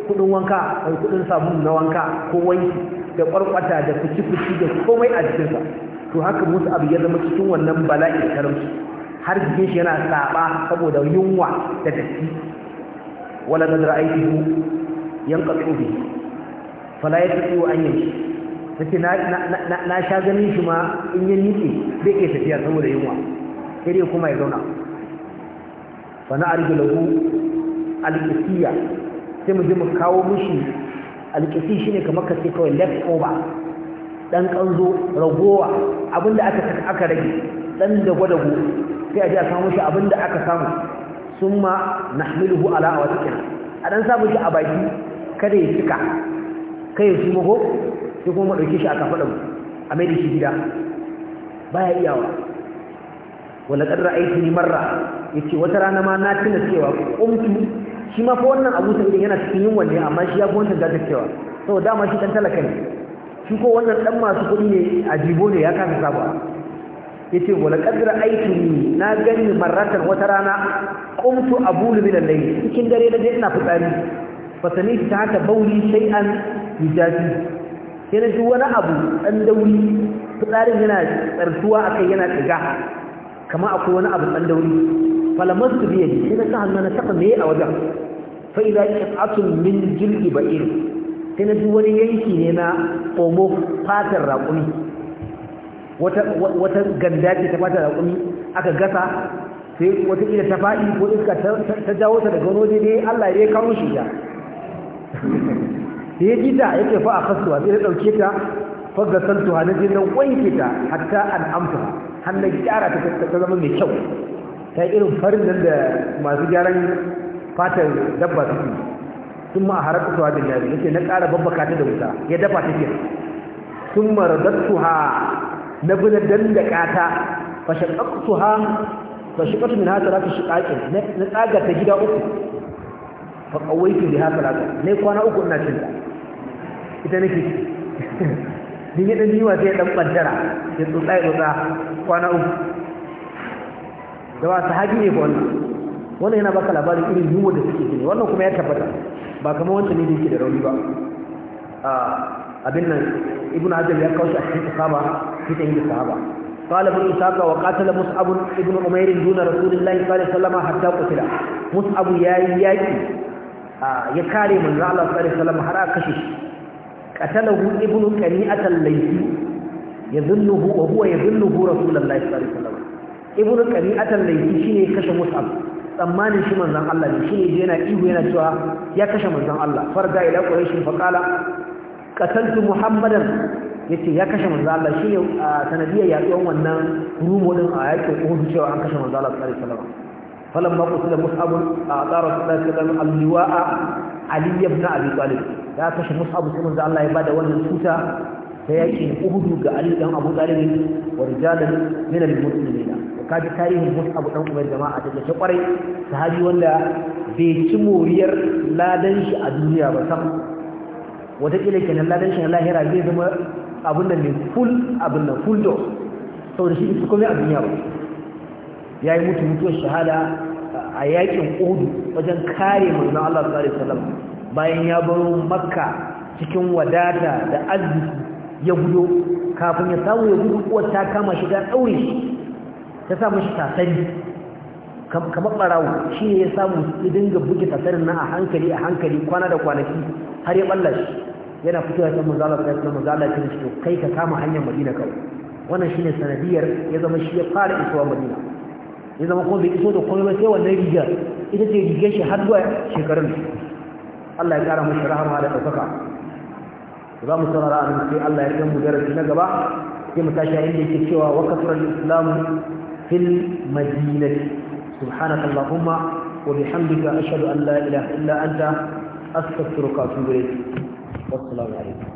kudin wanka ko kudin sabulu na wanka ko wanki da kwarkwata da fuci-fuci da komai a jikinsa to haka musu abu ya zama cikin wannan bala'i karamci har jikin shi yana saba saboda yunwa da datti wala nadra aikihu yanqatu bihi fala yatu an yamshi sai na na sha ganin shi ma in ya nike zai iya tafiya saboda yunwa sai dai kuma ya zauna fa na arju lahu al-qisiyya sai mu je mu kawo mishi alƙisi shine kamar ka ce kawai left over dan kanzo ragowa abinda aka aka rage dan da gwadago sai a ji a samu shi abinda aka samu summa nahmiluhu ala awatikina a dan samu shi a baki kada ya cika kai ya suma ko sai kuma dauke shi a kafadan a mai da shi gida baya iyawa wala qad ra'aytuni marra yace wata rana ma na tuna cewa qumtu shi ma fa wannan abu ta yana cikin yunwa ne amma shi ya fi wancan cewa, saboda dama shi ɗan talaka ne shi ko wannan ɗan masu kuɗi ne a jibo ne ya kasa saba ya ce wala ƙadira aiki na gani marratan wata rana kumtu a bulu minan cikin dare na je ina fitsari fasani ta haka bauli sai an hijabi sai na ji wani abu ɗan dauri fitsarin yana tsartuwa akai yana tsiga kama akwai wani abu ɗan dauri falamar su biye sai na sa hannu na saka me a wajen fa idza qat'atun min jirgi ba'in. sai na duk wani yanki ne na omo fatar raƙumi wata ganda ce ta fatar raƙumi aka gasa sai wata kila ta faɗi ko iska ta jawo ta daga wani waje ne Allah ya kawo shi ta sai ji ta yake fa a kasuwa sai ya ɗauke ta fa gasantu jirgin na wanke ta hatta an amfa har na gyara ta zama mai kyau ta irin farin nan da masu gyaran fatar dabba su sun ma a harar kusurwa da jari yake na ƙara babba kata da wuta ya dafa ta ke sun maradattu ha na bi na dandaka ta fashakaktu ha fashakaktu min ta rafi shiƙaƙin na tsaga ta gida uku faƙawaitu da hasa rafi na kwana uku ina cinta ita nake din ya ɗan jiwa sai ya ɗan ɓaddara ya tsotsa ya tsotsa kwana uku da ba sahabi ne ba wannan wannan yana baka labarin irin yunwa da suke gini wannan kuma ya tabbata ba kamar wancan ne da yake da rauni ba abin nan ibn hajar ya kawo shi a cikin sahaba cikin yin sahaba قال ابن إسحاق وقاتل مصعب ابن عمير دون رسول الله صلى الله عليه وسلم حتى قتل مصعب يا ياكي ya kare manzo Allah sallallahu alaihi wasallam har a kashe shi qatalahu ibnu qani'at al-laythi yadhunnuhu wa huwa yadhunnuhu rasulullahi sallallahu alaihi wasallam ibnu qari'atan laifi shine kashe mus'ab tsammanin shi manzon Allah ne shine yana ihu yana cewa ya kashe manzon Allah farga ila quraish fa qala qataltu muhammadan yace ya kashe manzon Allah shine sanadiyar yaduwan wannan rumo din a yakin Uhud cewa an kashe manzon Allah sallallahu alaihi wasallam falamma qutila mus'ab a'ta rasulullahi sallallahu alaihi wasallam al-liwa'a ali ibn abi talib ya kashe mus'ab sai manzon Allah ya bada wannan cuta. ta yaƙi uhudu ga ali dan abu talib wa rijalan min al-muslimina wa kaji tarihin abu dan umar jama'a da ta kwarai sahabi wanda bai ci moriyar ladan shi a duniya ba sam wata kila kenan ladan shi lahira zai zama abin nan ne full abun nan full dose saboda shi su komai a duniya ba ya yi mutu mutuwar shahada a yakin uhudu wajen kare manzon Allah sallallahu alaihi wasallam bayan ya baro makka cikin wadata da arziki ya gudo kafin ya samu ya gudu kuwa ta kama shi ta shi ta sa shi tasari kamar ɓarawo shi ne ya samu ya dinga buke tasarin na a hankali a hankali kwana da kwanaki har ya ɓalla shi yana fito ya san manzala ta yasa manzala ta shi to kai ka kama hanyar madina kawai wannan shi ne sanadiyar ya zama shi ya fara isuwa madina ya zama kuma bai iso da komai ba sai wannan rigar ita ce rigar shi har zuwa shekarun Allah ya kara mashi rahama da ɗaukaka za mu saurara a nan sai Allah ya kai mu darasi na gaba sai mu tashi inda yake cewa wa kasra al-islam fil madinati subhanaka allahumma wa bihamdika ashhadu an la ilaha illa anta astaghfiruka wa atubu ilayk wassalamu alaikum